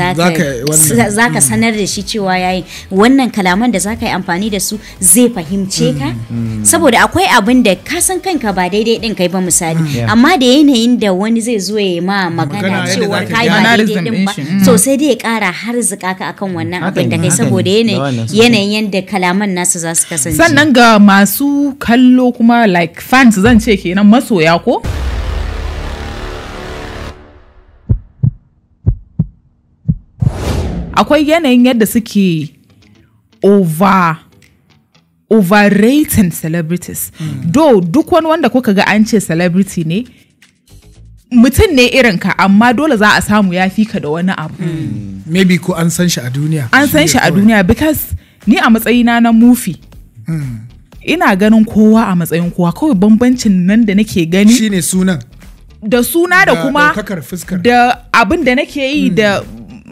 sanar da shi cewa ya yi wannan kalaman da zaka yi amfani da su zai fahimce ka saboda akwai abin da ka san kanka ba daidai din kai ba misali amma da yanayin da wani zai zo ya ma magana cewa yi ba daidai din ba sosai dai ya kara har ka akan wannan abin da kai saboda yanayin yanda kalaman nasu za su kasance sannan ga masu kallo kuma like fans zan ce kenan masoya ko akwai yanayin yadda suke over overrating celebrities mm. do duk wani wanda kuka ga an ce celebrity ne mutum ne irinka amma dole za a samu ya fi ka da wani abu mm. maybe ko an san shi a duniya an san shi a duniya because ni a matsayina na mufi ina ganin kowa a matsayin kowa kawai bambancin nan da nake gani shine sunan da suna da kuma da abin da nake yi hmm. da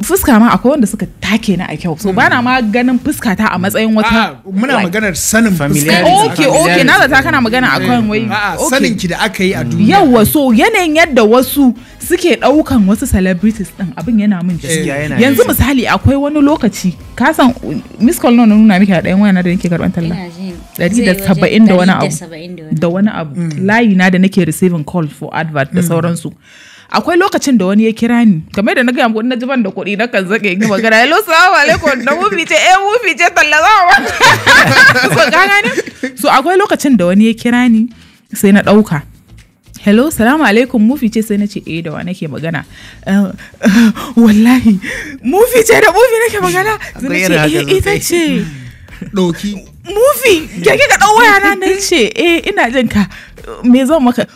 fuska ma akwai wanda suka take ni a kyau so bana hmm. ma ganin fuska ta a matsayin wata muna maganar sanin fuska oh, okay okay na zata kana magana akan wai sanin ki da aka yi a duniya yawa so yanayin yadda wasu suke daukan wasu celebrities din abin yana min ciki eh, yanzu misali akwai wani lokaci ka san miss call na nuna miki a dayan wayana da nake karban talla dari da saba'in da wani abu da wani abu hmm. layi na da nake receiving call for advert da hmm. sauransu mm. akwai lokacin da wani ya kira ni game da na gaya muku na ji ban da kuɗi na kan zage ni magana hello salamu alaikum na mufi ce eh mufi ce talla za [LAUGHS] so gana ne so akwai lokacin da wani ya kira ni sai na ɗauka hello salamu alaikum mufi ce sai na ce eh da wa nake magana eh, [LAUGHS] wallahi mufi ce da mufi nake magana sai na ce eh ita ce ɗauki mufi ke ka ɗau waya na ce eh ina jin ka me zan maka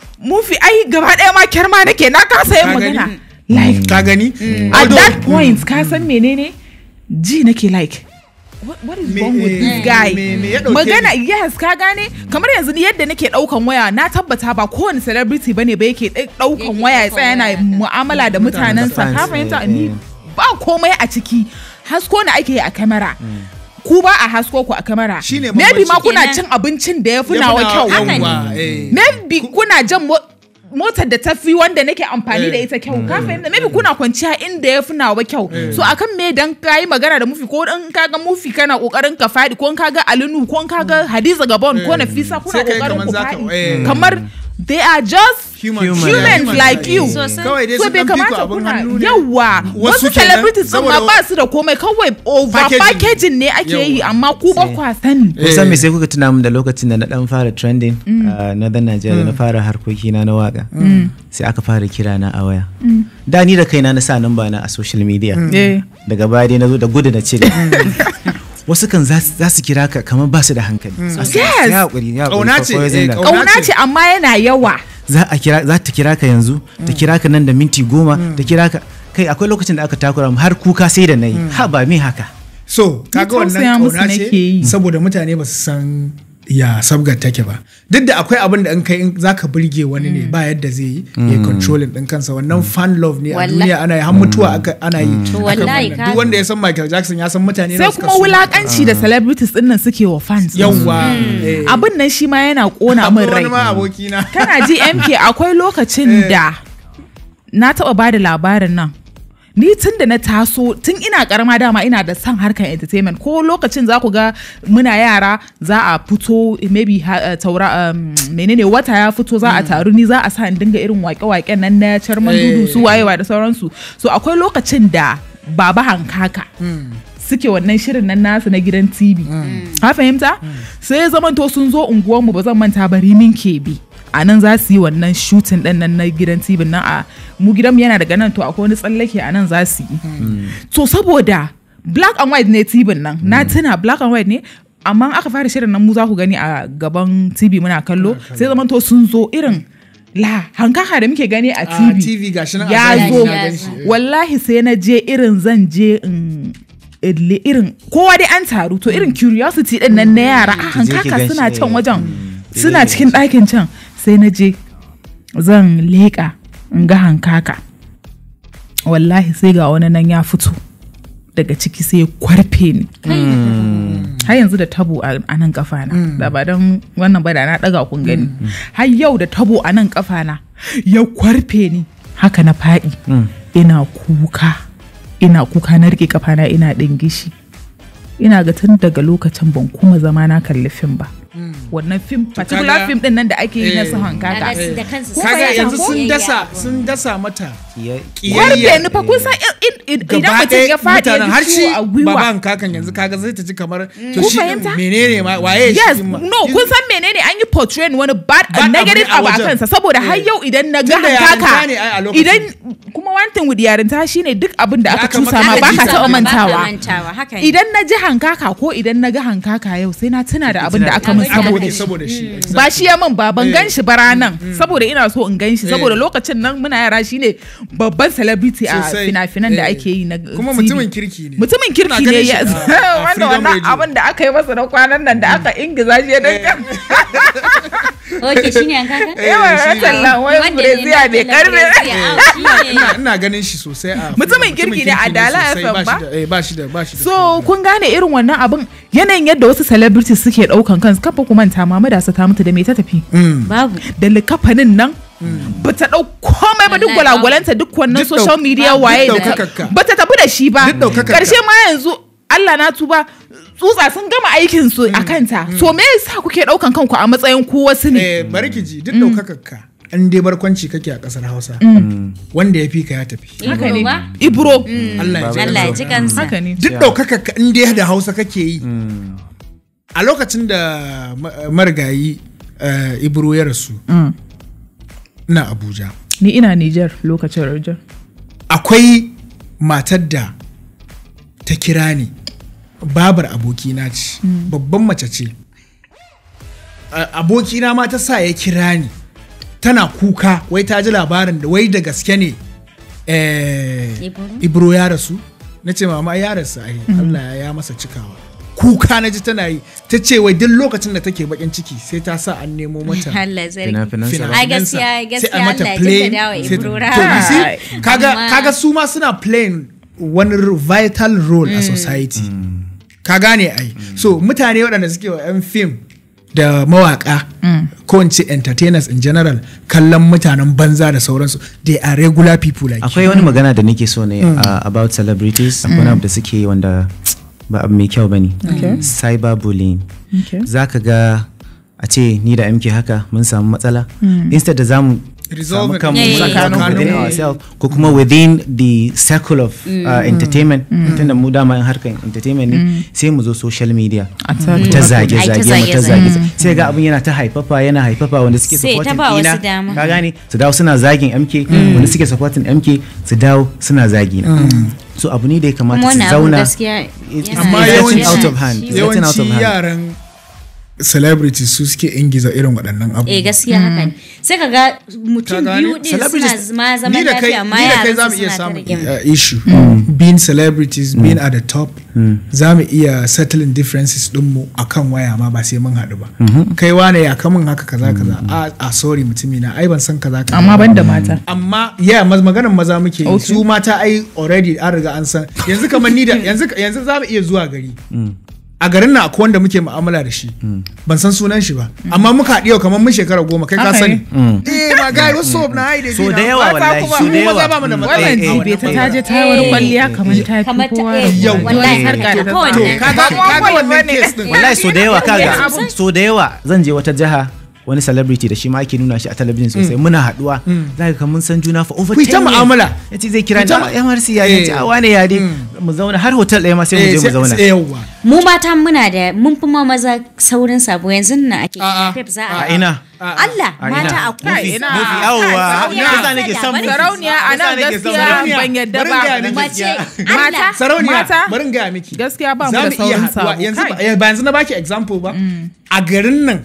fi ai gaba daya ma kyar ma nake na kasa yin magana mm. like ka gani mm. at that point ka san menene ji nake like What, is wrong with this guy? Magana yes ka gane kamar yanzu yadda nake daukan waya na tabbata ba kowane celebrity bane ba yake daukan waya ya tsaya na mu'amala da sa ka fahimta ni eh, eh. ba komai a ciki hasko na ake yi a kamera. Mm. ku ba a hasko ku a kamera maybe ma kuna cin abincin da ya fi nawa kyau eh. maybe kuna jan motar da ta fi wanda nake amfani da eh. ita kyau ka mm. fahimta maybe kuna kwanciya inda ya fi nawa kyau eh. so akan me dan kayi magana da mufi ko in ka ga mufi kana kokarin ka fadi ko in ka alinu ko in ka hadiza gabon ko nafisa kuna kokarin ku kamar they are just humans, like you kawai dai sun kamata abin hannu ne wasu celebrities din ma ba su da komai kawai over packaging ne ake yi amma ku ba kwa sani eh. me sai kuka tuna min da lokacin da na ɗan fara trending a mm. uh, northern Nigeria mm. na fara harkoki na na waka mm. sai aka fara kira na a waya da ni da kaina na sa namba na a social media eh. daga baya dai na zo da gudu na cire [LAUGHS] wasu kan za su kira ka kamar ba su da hankali mm. ya kauna eh, ce amma yana yawa za a kira za ta kira ka yanzu ta mm. kira ka nan da minti goma mm. ta kira ka kai akwai lokacin da aka takura mu har kuka sai da nayi ha ba me haka so kaga wannan kauna ce saboda mutane ba su san ya sabgar take ba duk da akwai abin da in kai za ka burge wani ne mm. ba yadda zai yi ya mm. controlling din kansa wannan mm. fan love ne a duniya ana yi har mutuwa ana yi duk wanda ya san Michael Jackson ya san mutane sai kuma wulakanci da celebrities din nan suke wa fans yawa eh. abin nan shi ma yana kona min rai kana ji MK akwai lokacin [LAUGHS] eh. da na taba bada labarin nan ni tun da na taso tun ina karama dama ina da son harkar entertainment ko lokacin za ku ga muna yara za a fito maybe eh, taura um, menene wata ya fito za a mm. taru ni za a sa in dinga irin wake-waken nan na charman eh. dudu su wayewa da sauransu so akwai lokacin da baba hankaka mm. suke wannan shirin nan nasu na gidan tv ha mm. fahimta sai zamanto sun zo unguwanmu ba zan manta bari min ke kebi a nan za su yi wannan shutin din nan na gidan tibin nan a mu gidan yana daga nan to akwai wani tsallake a nan za su yi hmm. to saboda black and white ne tibin nan na hmm. tuna black and white ne amma aka fara shirin nan mu za ku gani a gaban tv muna kallo sai zaman to sun zo irin la hankaka da muke gani a ah, tv ya zo wallahi sai na je irin zan je in irin kowa dai an taru to irin hmm. curiosity din nan na yara a hankaka suna can eh. wajen suna eh. cikin ɗakin can sai na je zan leƙa in ga hankaka wallahi sai ga wani nan ya fito daga ciki sai ya kwarfe ni hmm. har yanzu da tabo a nan na hmm. da ba don wannan bada na daga kun gani hmm. har yau da tabo a nan kafa na ya kwarfe ni haka na faɗi ina kuka ina kuka na rike kafana ina ɗingishi ina ga tun daga lokacin ban kuma zama na kalli fim ba Mm. wannan film particular film din nan da ake yi na eh. sahan hankaka kaga yanzu sun dasa sun dasa mata kiyayya ni fa kun san idan mutum ya fadi ya har shi baban kakan yanzu kaga zai ta ji kamar to mm. shi menene ma waye shi no kun san menene an yi portraying wani bad negative abu a kansa saboda har eh. yau idan na ga hankaka idan kuma wantin with yarinta shine duk abin da aka tusa ma baka taɓa mantawa idan na ji hankaka ko idan na ga hankaka yau sai na tuna da abin da aka saboda saboda shi mm. ba shi ya min ba ban eh. gan shi ba ranan mm. saboda ina so in gan shi eh. saboda lokacin nan muna yara shi ne babban celebrity a fina-finan da eh. ake yi na kuma mutumin kirki ne mutumin kirki ne ya [LAUGHS] wanda wannan abin da aka yi masa na kwanan nan da aka ingiza shi ya dangan [LAUGHS] Oke shi ne an kaka? Eh, Yawan rasan nan wani Breziya mai karfe. Eh, ah, ina ganin shi sosai a mutumin kirki ne a da adala FM ba? Ba shi da ba shi da. So kun gane irin wannan abin yanayin yadda wasu celebrities suke ɗaukan kansu kafa kuma ta mamu da su ta mutu da me ta tafi. Mm. Babu. Da likafanin nan mm. ba ta ɗau komai ba duk gwalagwalanta duk wannan social media waye da ba ta tafi da shi ba. Karshe ma yanzu Allah na tuba tsutsa sun gama aikin su a kanta mm. so me yasa kuke daukan kanku a matsayin ku wasu ne eh bari ki ji duk daukakar mm. ka an dai barkwanci kake a kasar Hausa mm. wanda ya fi ka ya tafi haka ne ibro Allah ya ji kansa haka ne duk daukakar ka in dai da Hausa kake yi a lokacin da marigayi eh, ibro ya rasu ina Abuja ni ina Niger lokacin Rajar akwai matar da ta kira ni babar abokina ce hmm. babban mace ce abokina ma ta sa ya kira ni tana kuka wai ta ji labarin da wai da gaske ne eh, ibro ya rasu na ce mama ya rasu ai hmm. Allah ya masa cikawa kuka na ji tana yi ta ce wai duk lokacin da take bakin ciki sai ta sa an nemo mata [LAUGHS] fina-finansa sai a mata plane kaga su ma suna playing wani vital role a hmm. society ka gane ai so mutane waɗanda suke wa 'yan fim da mawaka mm. ko in ce entertainers in general kallon mutanen banza da sauransu they are regular people like akwai wani magana da nake so ne mm. uh, about celebrities mm. wani abu da suke wanda ba abu mai kyau bane cyber bullying zaka ga a ce ni da mk haka mun samu matsala instead da zamu resolve tsakanin ourselves ko kuma within the circle of uh, mm. Mm. entertainment mm. tunda mu dama harka entertainment ne sai mu zo social media mu ta zage zage mu ta zage sai ga abun yana ta haifafa yana haifafa wanda suke supporting ina ka gane su dawo suna zagin MK wanda suke supporting MK su dawo suna zagi na so abu ne da ya kamata su zauna amma yawanci yaran celebrities su suke ingiza irin waɗannan abubuwa. Eh gaskiya mm. haka ne. Sai ka ga mutum biyu din suna ma zaman lafiya amma yaran su suna samun uh, issue. Mm. Being celebrities, mm. being at the top, za mu iya settling differences ɗinmu a kan waya ma ba sai mun haɗu ba. Mm-hmm. Kai wane ya kamun haka kaza kaza a ah, ah, sorry mutumi na ai ban san kaza kaza. Amma ban da mata. Amma ya maganar maza muke yi su mata ai already an riga an san yanzu kamar ni da [LAUGHS] yanzu za mu iya zuwa gari. a garin na akwai wanda muke mu'amala da shi hmm. ban san sunan shi ba amma muka haɗiyo kamar mun shekara goma kai ka sani hmm. eh ma ga so na haide so da yawa wallahi so mu yawa ba mu da matsayi wannan jibe ta taje ta wani eh. kwalliya kamar ta fi kowa eh, yau wallahi eh, har ga da ka kaga wannan case din wallahi so da yawa ka ga so da yawa zan je wata jiha wani celebrity da shi ma ake nuna shi a talabijin mm. sosai muna haduwa mm. za ka mun san juna fa over 10 years mu'amala yace zai kira ni ah, MRC ya eh. yace a ah, wane ya mm. mu zauna har hotel ɗaya ma sai mu je mu eh, zauna mu mata muna da mun fi ma maza saurin sabo yanzu na ake pep za a ina Allah mata a kofi ina yawa yasa nake san sarauniya a nan gaskiya ban yadda ba mace mata sarauniya bari ga miki gaskiya ba mu da saurin sabo yanzu eh, ba yanzu na baki example ba a garin nan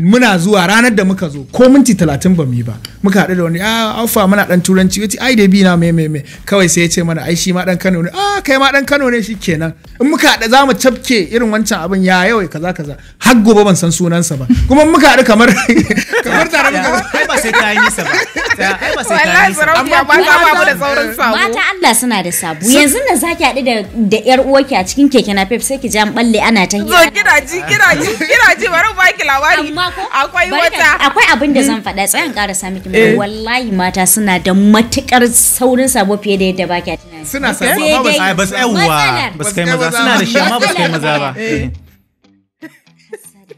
muna zuwa ranar da muka zo ko minti talatin ba mu yi ba muka haɗu da wani a ah, alfa mana dan turanci yace ai da bi na me me me kawai sai ya ce mana ai shi ma dan Kano ne a ah, kai ma dan Kano ne shikenan in muka haɗu zamu cafke irin wancan abin ya yawai kaza kaza har gobe ban san sunansa ba kuma muka haɗu kamar [LAUGHS] kamar tare muka ai ba sai kai nisa ba ai ba sai kai nisa amma ba ba da sauran sabo mata Allah suna da sabo yanzu da zaki haɗu da da yar uwarki a cikin keke na pep sai ki ja balle ana ta hira zo kina ji kina ji kina ji bari ki labari akwai wata akwai abin da zan faɗa tsayan ƙara sami miki Eh. wallahi mata suna da matukar saurin sabo fiye da yadda baki tunani suna sabo amma ba su yawa ba su kai maza suna da shi amma ba su kai maza ba eh.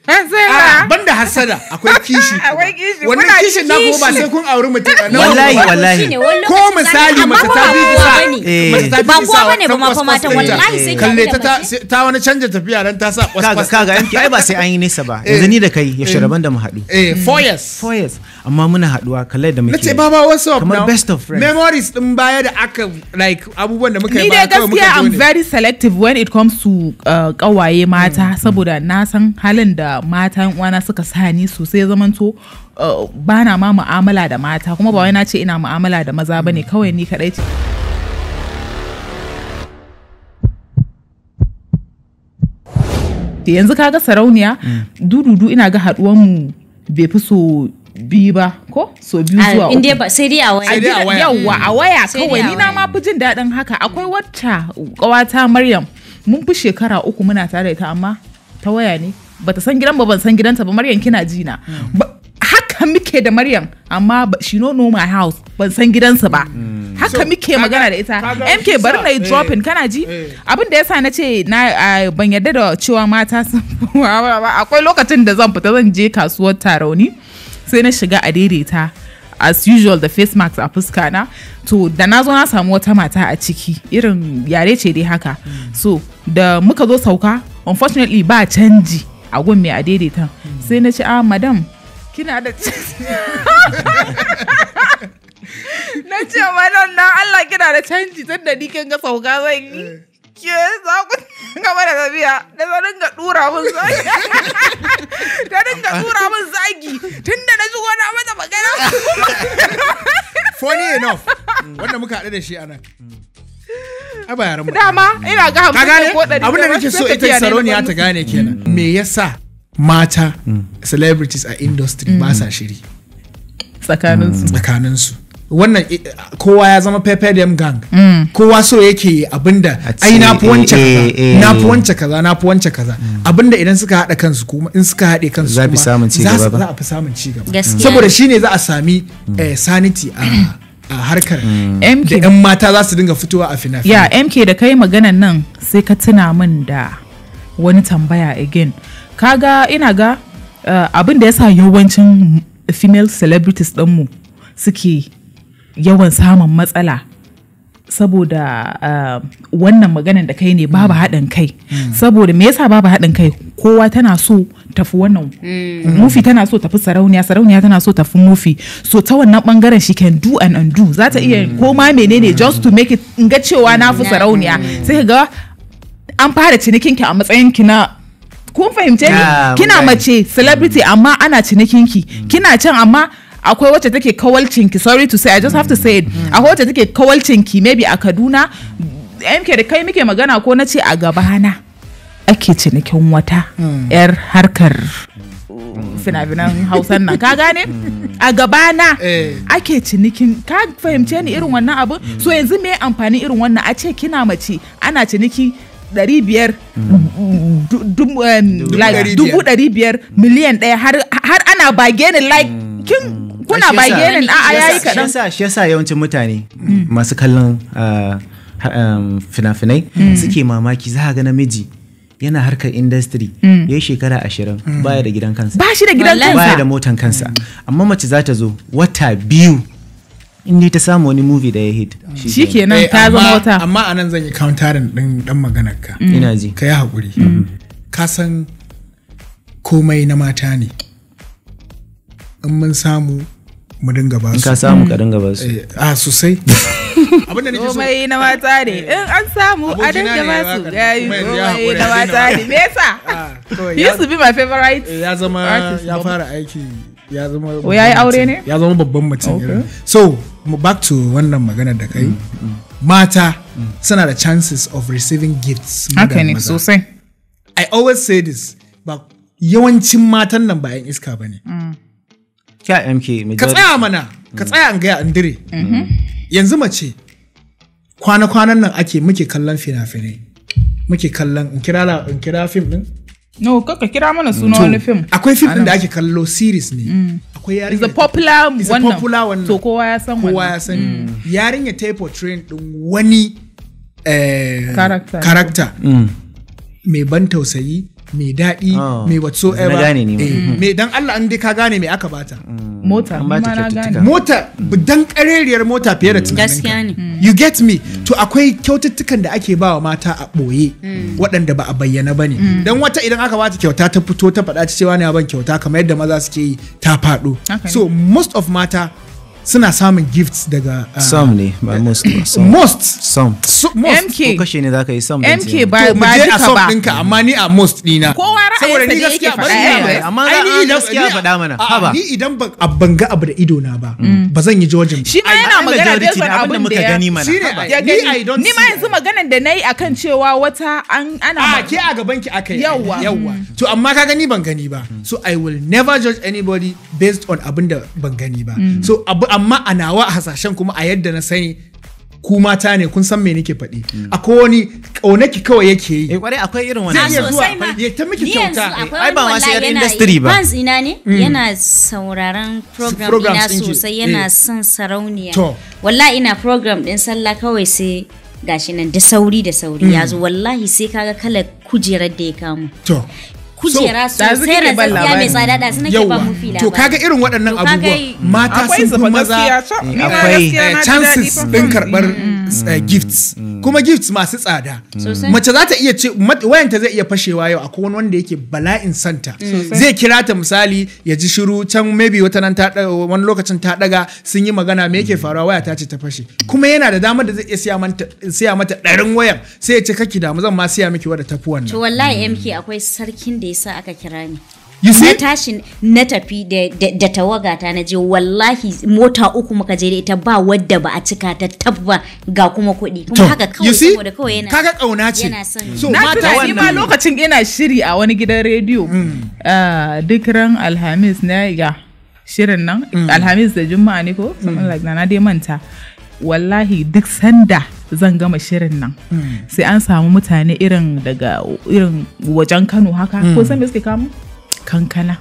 Eh, ah, banda hasada akwai kishi [LAUGHS] akwai kishi wannan kishin na kuma ba sai kun auri mutum a nan wallahi wallahi ko misali mace ta bi isa ba kowa bane ba ma mata wallahi sai kalle ta ta wani canja tafiya dan ta sa kaga kaga yanki ai ba sai an yi nesa ba [LAUGHS] yanzu ni da kai ya sharaban da mu haɗu eh 4 years 4 years amma muna haduwa kalle da muke nace ba ba wasu kamar best of friends memories din baya da aka like abubuwan da muka yi ba kawai muka ni I'm very selective when it comes to kawaye uh, mata mm. saboda mm. na san halin da mata uwana suka sani sosai to uh, ba na ma mu'amala da mata kuma ba wai na ce ina mu'amala da maza bane mm. kawai ni kadai ce yanzu kaga sarauniya dududu ina ga haduwan mu bai fi so biyu ba ko so biyu zuwa uku. Inde ba sai dai a waya. Sai dai a waya. Yawwa a waya kawai ni na ma fi jin daɗin haka akwai wata ƙawata Maryam mun fi shekara uku muna tare da ita amma ta waya ne bata san gidan ba ban san gidanta ba Maryam kina ji na. Mm. Haka muke da Maryam amma she no know my house ban san gidansa ba. Mm. haka muke magana da ita mk bari na yi dropping eh, kana ji eh. abin da yasa na ce na ban yarda da cewa mata sun [LAUGHS] akwai lokacin da zan fita zan je kasuwar tarauni sai na shiga a daidaita as usual da face mask a fuska na to da na zo na samu wata mata a ciki irin yare ce dai haka mm. so da muka zo sauka unfortunately ba canji a gun mai a daidaitan mm. sai na ce a ah, madam kina da [LAUGHS] na ce madam na Allah kina da canji tun da ni kin ga sauka zan yi eh. ke za ku dinga mana tafiya da ta dinga dura mun zagi ta dinga dura mun zagi tunda na shigo na mata magana funny enough wanda muka haɗu da shi anan a ba yaran dama ina ga hamsin ko ɗari abin da nake so ita saroniya ta gane kenan me yasa mata celebrities a industry ba sa shiri tsakaninsu tsakaninsu wannan eh, kowa ya zama pepedem gang mm. kowa so yake abinda ai na fi wance eh, eh, kaza na fi wance kaza na fi wance kaza abinda idan suka haɗa kansu kuma in suka haɗe kansu kuma za a fi samun ci gaba saboda shine za a sami mm. sanity a mm. harkar da 'yan mata za su dinga fitowa a fina Ya MK da kai maganan nan sai ka tuna min da wani tambaya again. Kaga ina ga abin da ya sa yawancin female celebrities ɗinmu suke yawan samun matsala saboda eh, wannan maganan da kai ne babu mm. haɗin kai mm. saboda me yasa babu haɗin kai kowa tana so tafi wannan mm. mufi tana so tafi sarauniya sarauniya tana so tafi mufi so ta wannan bangaren shi can do and undo za ta iya mm. koma menene just to make it in ga cewa na fi mm. sarauniya sai ka ga an fara cinikin ki a matsayin ki na kun fahimce ni kina mace celebrity amma ana cinikin ki kina can amma akwai wacce take ki sorry to say i just have to say it akwai wacce take ki maybe a kaduna mk da kai muke magana ko na ce a gabana ake cinikin wata yar harkar fina-finan hausan nan ka gane a gabana eh. ake cinikin ka fahimce ni irin wannan abu so yanzu me amfani irin wannan a ce kina mace ana ciniki ɗari biyar dubu ɗari biyar miliyan ɗaya har ana bageni like kin kuna bagenin a'a yayi kaɗan shi yasa yawancin mutane mm. masu kallon ah, um, fina-finai mm. suke mamaki za a ga namiji yana harkar industry mm. ya yi shekara ashirin baya da gidan kansa ba shi da gidan kansa baya da motan kansa amma mace za ta zo wata biyu in ta samu wani movie da ya hit shi kenan ta zama eh, wata amma anan zan yi countering din dan maganar ka ina ji ka yi hakuri mm-hmm. ka san komai na mata ne in mun samu mu dinga ba su ka samu ka dinga ba su eh, a sosai [LAUGHS] abin da nake so komai na mata ne eh. in an samu a dinga ba su yayi komai na mata ne me yasa he [LAUGHS] ah, used to be my favorite eh, ya zama ya fara aiki ya zama oh, ya yi aure ne ya zama babban mutum so back to wannan magana da kai mm, mm. mata mm. suna da chances of receiving gifts haka ne sosai i always say this ba yawancin matan nan ba yan iska ba ne ka tsaya mana ka tsaya an gaya andire yanzu mace kwana-kwanan nan ake muke kallon fina-finai muke kallon in kira in kira fim din no ka kira mana suna wani fim akwai fim din da ake kallo series ne mm. akwai yarinya is a popular one to kowa ya san kowa ya san mm. yarinya ta yi din wani eh, character mm. mai ban tausayi mai daɗi ah, mai ever eh, mm-hmm. mai dan Allah an dai ka gane mai aka bata mm. mota mota mm. dan kareriyar mota fiye da mm. ne. you get me to akwai kyaututtukan da ake bawa mata a ɓoye waɗanda ba a bayyana ba ne dan wata idan aka bata kyauta ta fito ta faɗa cewa ne ban kyauta kamar yadda maza suke yi ta faɗo so most of mata suna samun gifts daga uh, some ne ba most ba some most some so, most mk ko kashe ne zaka yi some mk ba ba duka ba ɗinka amma ni a most dina kowa ra'ayi saboda ni gaskiya ba eh, amma ni gaskiya faɗa mana haba ni idan ba A ga abu da ido na ba mm. ba zan yi jojin shi ma yana magana da yasan abin da muka gani mana ni Ni ma yanzu maganar da nayi akan cewa wata an ana a ke a gaban ki akai yawa yawa to amma ka gani ban gani ba so i will never judge anybody based on abin da ban gani ba mm. so abu amma a nawa a hasashen kuma a yadda na sani ku mata ne kun san me nake faɗi akwai wani ƙaunaki kawai yake yi eh kwarai akwai irin wannan zai zuwa ya ta miki kyauta eh, ai ba ma sai yar industry ba fans ina ne mm. yana sauraron program ina sosai yana eh. son sarauniya wallahi ina program din sallah kawai sai gashi nan da sauri da sauri mm. ya zo wallahi sai kaga kala kujerar da ya kamu kujera sosai da zafiya mai tsada da suna ke ba mu fila to kaga irin waɗannan abubuwa mata sun fi maza akwai eh, chances din karɓar mm. eh, gifts kuma gifts masu tsada mace za ta iya ce wayanta zai iya fashewa yau akwai wani wanda yake bala'in santa zai kira ta misali ya ji shiru can maybe wata nan ta wani lokacin ta daga sun yi magana me yake faruwa waya ta ce ta fashe kuma yana da damar da zai iya siya mata ɗarin wayan sai ya ce kaki damu zan ma siya miki wadda tafi wannan to wallahi MK akwai sarkin da yasa aka kira ni you see na tashi na tafi da tawaga ta na je wallahi mota uku muka je da ita ba wadda ba a cika ta tabba ga kuma kuɗi kuma haka kawai saboda kawai yana kaga kauna ce so mata ni ma lokacin ina shiri a wani gidan rediyo mm. ah, duk ran alhamis na ya shirin nan mm. alhamis da juma'a ne ko mm. na na dai manta wallahi duk sanda zan gama shirin nan sai an samu mutane irin daga irin wajen kano haka ko san me suke kamu kankana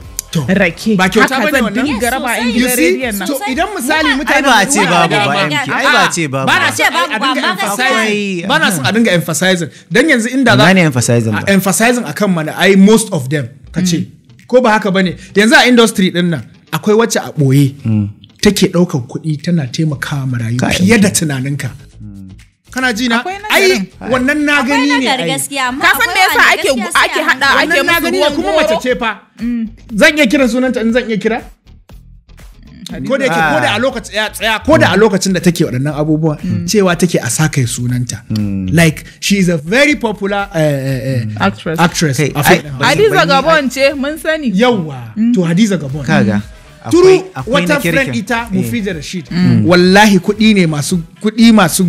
rake haka zan dinga raba in gidan rediyon nan to idan misali mutane ba ah, ce babu ba MK ai ba ce babu ba na ce babu ba ma gaskiya ba na son a dinga emphasizing dan yanzu inda za ne emphasizing ba emphasizing akan mana ai most of them kace ko ba haka bane yanzu a industry din nan akwai wacce a boye hmm. take ɗaukar kuɗi tana taimakawa ma rayu fiye da tunaninka hmm. kana ji na ai wannan na gani ne ai Kafin san me yasa ake ake hada ake musu ruwan kuma mace ce fa zan iya kira sunanta in zan iya kira ko da yake ko da a lokacin ya tsaya ko da a lokacin da take waɗannan abubuwa mm. cewa take a sa kai sunanta mm. like she is a very popular eh, eh, eh, mm. actress Hadiza Gabon ce mun sani yawa to Hadiza Gabon kaga turu wata friend ita Mufida Rashid wallahi kuɗi ne masu kuɗi masu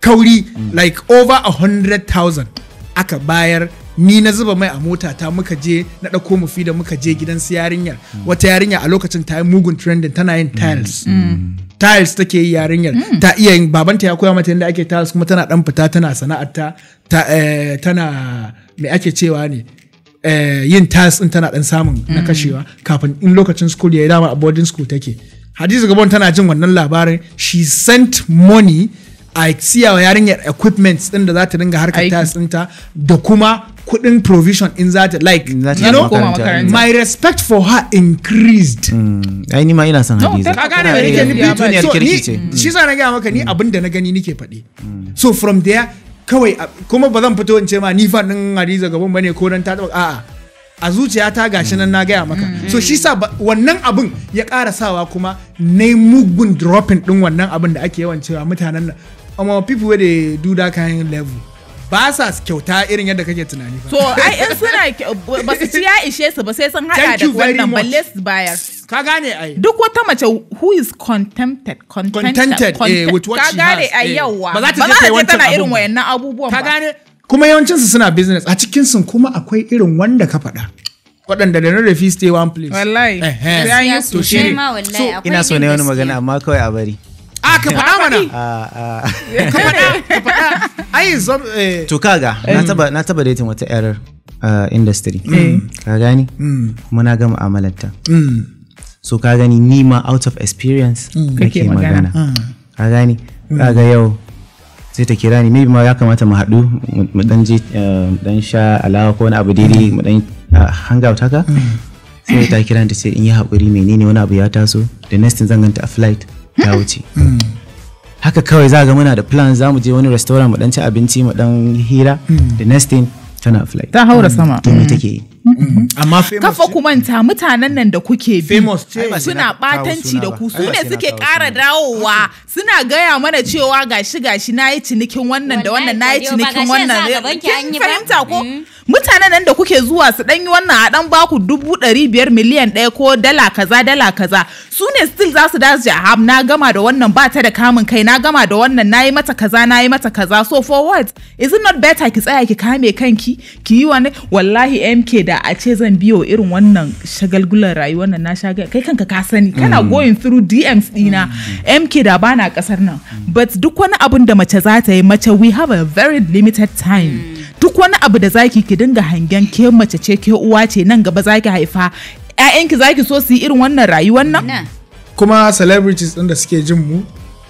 kauri like over a hundred thousand aka bayar ni na zuba mai a mota ta muka je na dauko mu da muka je gidan su yarinyar wata yarinya a lokacin ta yi mugun trending tana yin tiles mm. Mm. tiles take yi yarinyar mm. ta iya yin babanta ya koya mata yadda ake tiles kuma tana dan fita tana sana'ar ta eh, tana me ake cewa ne eh, yin tiles din tana dan samun na kashewa kafin in lokacin school ya yi dama a boarding school take hadiza gabon tana jin wannan labarin she sent money a siya wa yarinyar equipment din da za ta dinga harkar tasinta da kuma kudin provision in za ta like you know my respect for her increased mm. ai ni ma ina son hadiza ka gane me bitu ne so ni shi sa na ga maka ni mm. abin da na gani nake faɗi mm. so from there kawai kuma ba zan fito in ce ma ni fa din hadiza gaban bane ko dan ta a'a a zuciya ta gashi nan na gaya maka so shi sa wannan abin ya karasawa sawa kuma na mugun dropping din wannan abin da ake yawan cewa mutanen nan amma people wey dey do that kind level ba sa kyauta irin yadda kake tunani ba. to ai in suna ba su ci ya ishe su ba sai sun hada da wannan ba, su bayar. ka gane ai duk wata mace who is contented contented, eh, with what she has ka gane ai eh. yawa ba za ta je tana irin wayannan abubuwan ba ka gane kuma yawancinsu suna business a cikinsu kuma akwai irin wanda ka faɗa waɗanda da nan rafi stay one place wallahi to shi so ina so ne wani magana amma kawai a bari a ah, ka faɗa mana ka ah, ah. faɗa ka faɗa [LAUGHS] ai zo. Eh. to kaga na mm. taba na taba dating wata yar eh, industry mm. Mm. ka gani kuma na ga mu'amalarta so ka gani ni ma out of experience kake magana ka gani kaga yau sai ta kira ni maybe ma ya kamata mu haɗu mu dan je dan eh, sha alawa ko wani abu daidai mu dan hang out haka sai ta kira ta ce in yi haƙuri menene wani abu ya taso da next zan ganta a flight ya wuce haka kawai za ga muna da plan za mu je wani restaurant mu dan ci abinci mu dan hira mm. the next thing tana flight ta haura mm. sama to me mm. take yi Mm-hmm. amma kafa ku manta mutanen nan da kuke bi suna batanci da ku su ne suke ƙara dawowa suna gaya mana cewa gashi gashi na yi cinikin wannan da wannan na yi cinikin wannan kin fahimta ko mm. mutanen nan da kuke zuwa su ɗanyi wannan a ɗan baku dubu ɗari biyar miliyan ɗaya ko dala kaza dala kaza su ne still za su dasu a ham na gama da wannan ba ta da kamun kai na gama da wannan na yi mata kaza na yi mata kaza so for what is it not better ki tsaya ki kame kanki ki yi wani wallahi mk da da a ce zan biyo irin wannan shagalgular rayuwar nan na shagal kai kanka ka sani kana mm. going through DMs dina MK mm. da bana kasar nan but duk wani abun da mace za ta yi mace we have a very limited time mm. duk wani abu da zaki ki dinga hangen ke mace ce ke uwa ce nan gaba zaki haifa ƴaƴanki zaki so su yi irin wannan rayuwar nan kuma celebrities ɗin da suke jin mu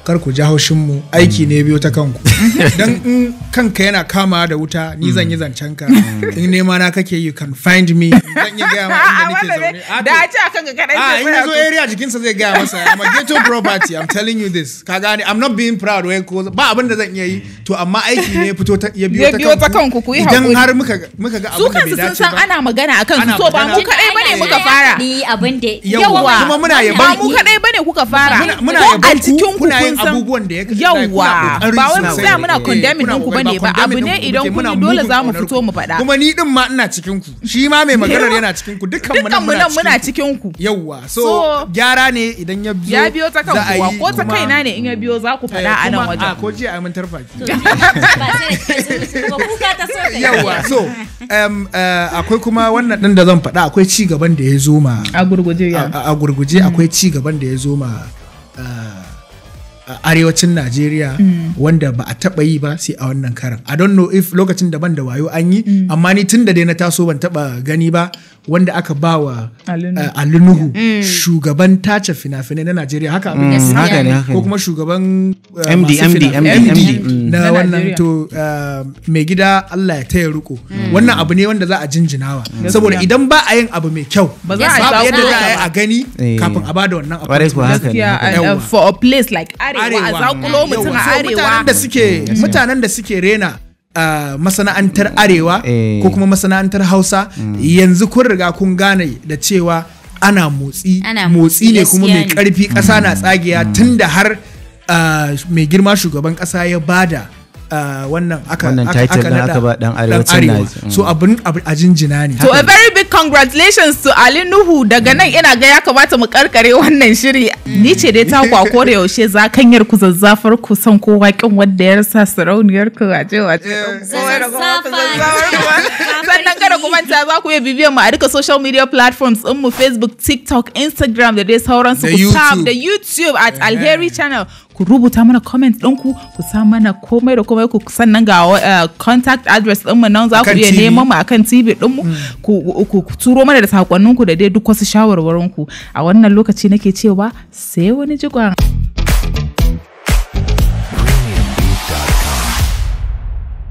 kar ku ja haushinmu aiki ne biyo ta kanku [LAUGHS] don in kanka yana kama da wuta ni zan yi mm. zancen ka in nema na kake you can find me zan yi gaya ma inda [LAUGHS] nake zaune ah, da a ce a kanka kadai a ah, in yazo area jikinsa zai gaya masa I'm a ghetto property I'm telling you this ka gani I'm not being proud when ko ba abin da zan iya yi to amma aiki ne fito ta ya biyo ta kanku ku yi hakuri idan har muka muka ga abin da bai dace ba su kansu sun san ana magana akan su to ba mu kadai bane eh. muka fara ni abin da yawa kuma muna yaban mu kadai bane kuka fara muna yaban ku kuna yin kun san abubuwan da ya kasance yawa ba wai mu muna condemning ɗinku bane ba abu ne idan kun dole za mu fito mu faɗa kuma ni din ma ina cikin ku shi ma mai maganar yana cikin ku dukkan mu nan muna cikin ku yawa so gyara ne idan ya biyo ya biyo ta kan kuwa ko ta kaina ne in ya biyo za ku faɗa a nan eh, wajen ko jiya a mun tarfa ki yawa so eh, akwai kuma wannan din da zan faɗa akwai ci gaban da ya zo ma a gurguje akwai ci gaban da ya zo ma arewacin Najeriya mm. wanda ba a taba yi ba sai a wannan karan. I don't know if lokacin daban da wayo an yi, mm. amma ni tun da dai na taso ban taba gani ba wanda aka ba wa Alinuhu eh, mm. shugaban tace fina-finai na Najeriya haka haka ne ko kuma shugaban MD MD MD na wannan to eh, mai gida Allah ya taya riko. Wannan abu ne wanda za a jinjinawa saboda idan ba a yin abu mai kyau ba za a yadda za a gani eh. kafin a bada wannan abu. For a place like arewa a mutanen da suke rena uh, masana'antar arewa eh. ko kuma masana'antar hausa mm. yanzu kun riga kun gane da cewa ana motsi motsi ne kuma mai karfi kasa na mm. tsagiya mm. tun da har uh, mai girma shugaban kasa ya bada wannan aka wannan title din aka ba dan so abun a jinjina ne so a very big congratulations to Ali Nuhu daga nan ina ga ya kamata mu karkare wannan shiri ni ce dai ta kwako da yaushe za kanyar ku zazzafar ku san ko waƙin wanda ya rasa sarauniyar ku wace wace eh, [LAUGHS] sannan kada ku manta za ku iya bibiyar mu a duka social media platforms din mu Facebook TikTok Instagram da dai sauransu ku tab da YouTube at Alheri Channel ku rubuta mana comment ɗinku ku sa mana komai da komai ku sannan ga uh, contact address ɗinmu nan za ku iya neman mu akan TV ɗinmu mm. ku turo mana da sakonninku da dai duk wasu ku a wannan lokaci nake cewa sai wani jigon.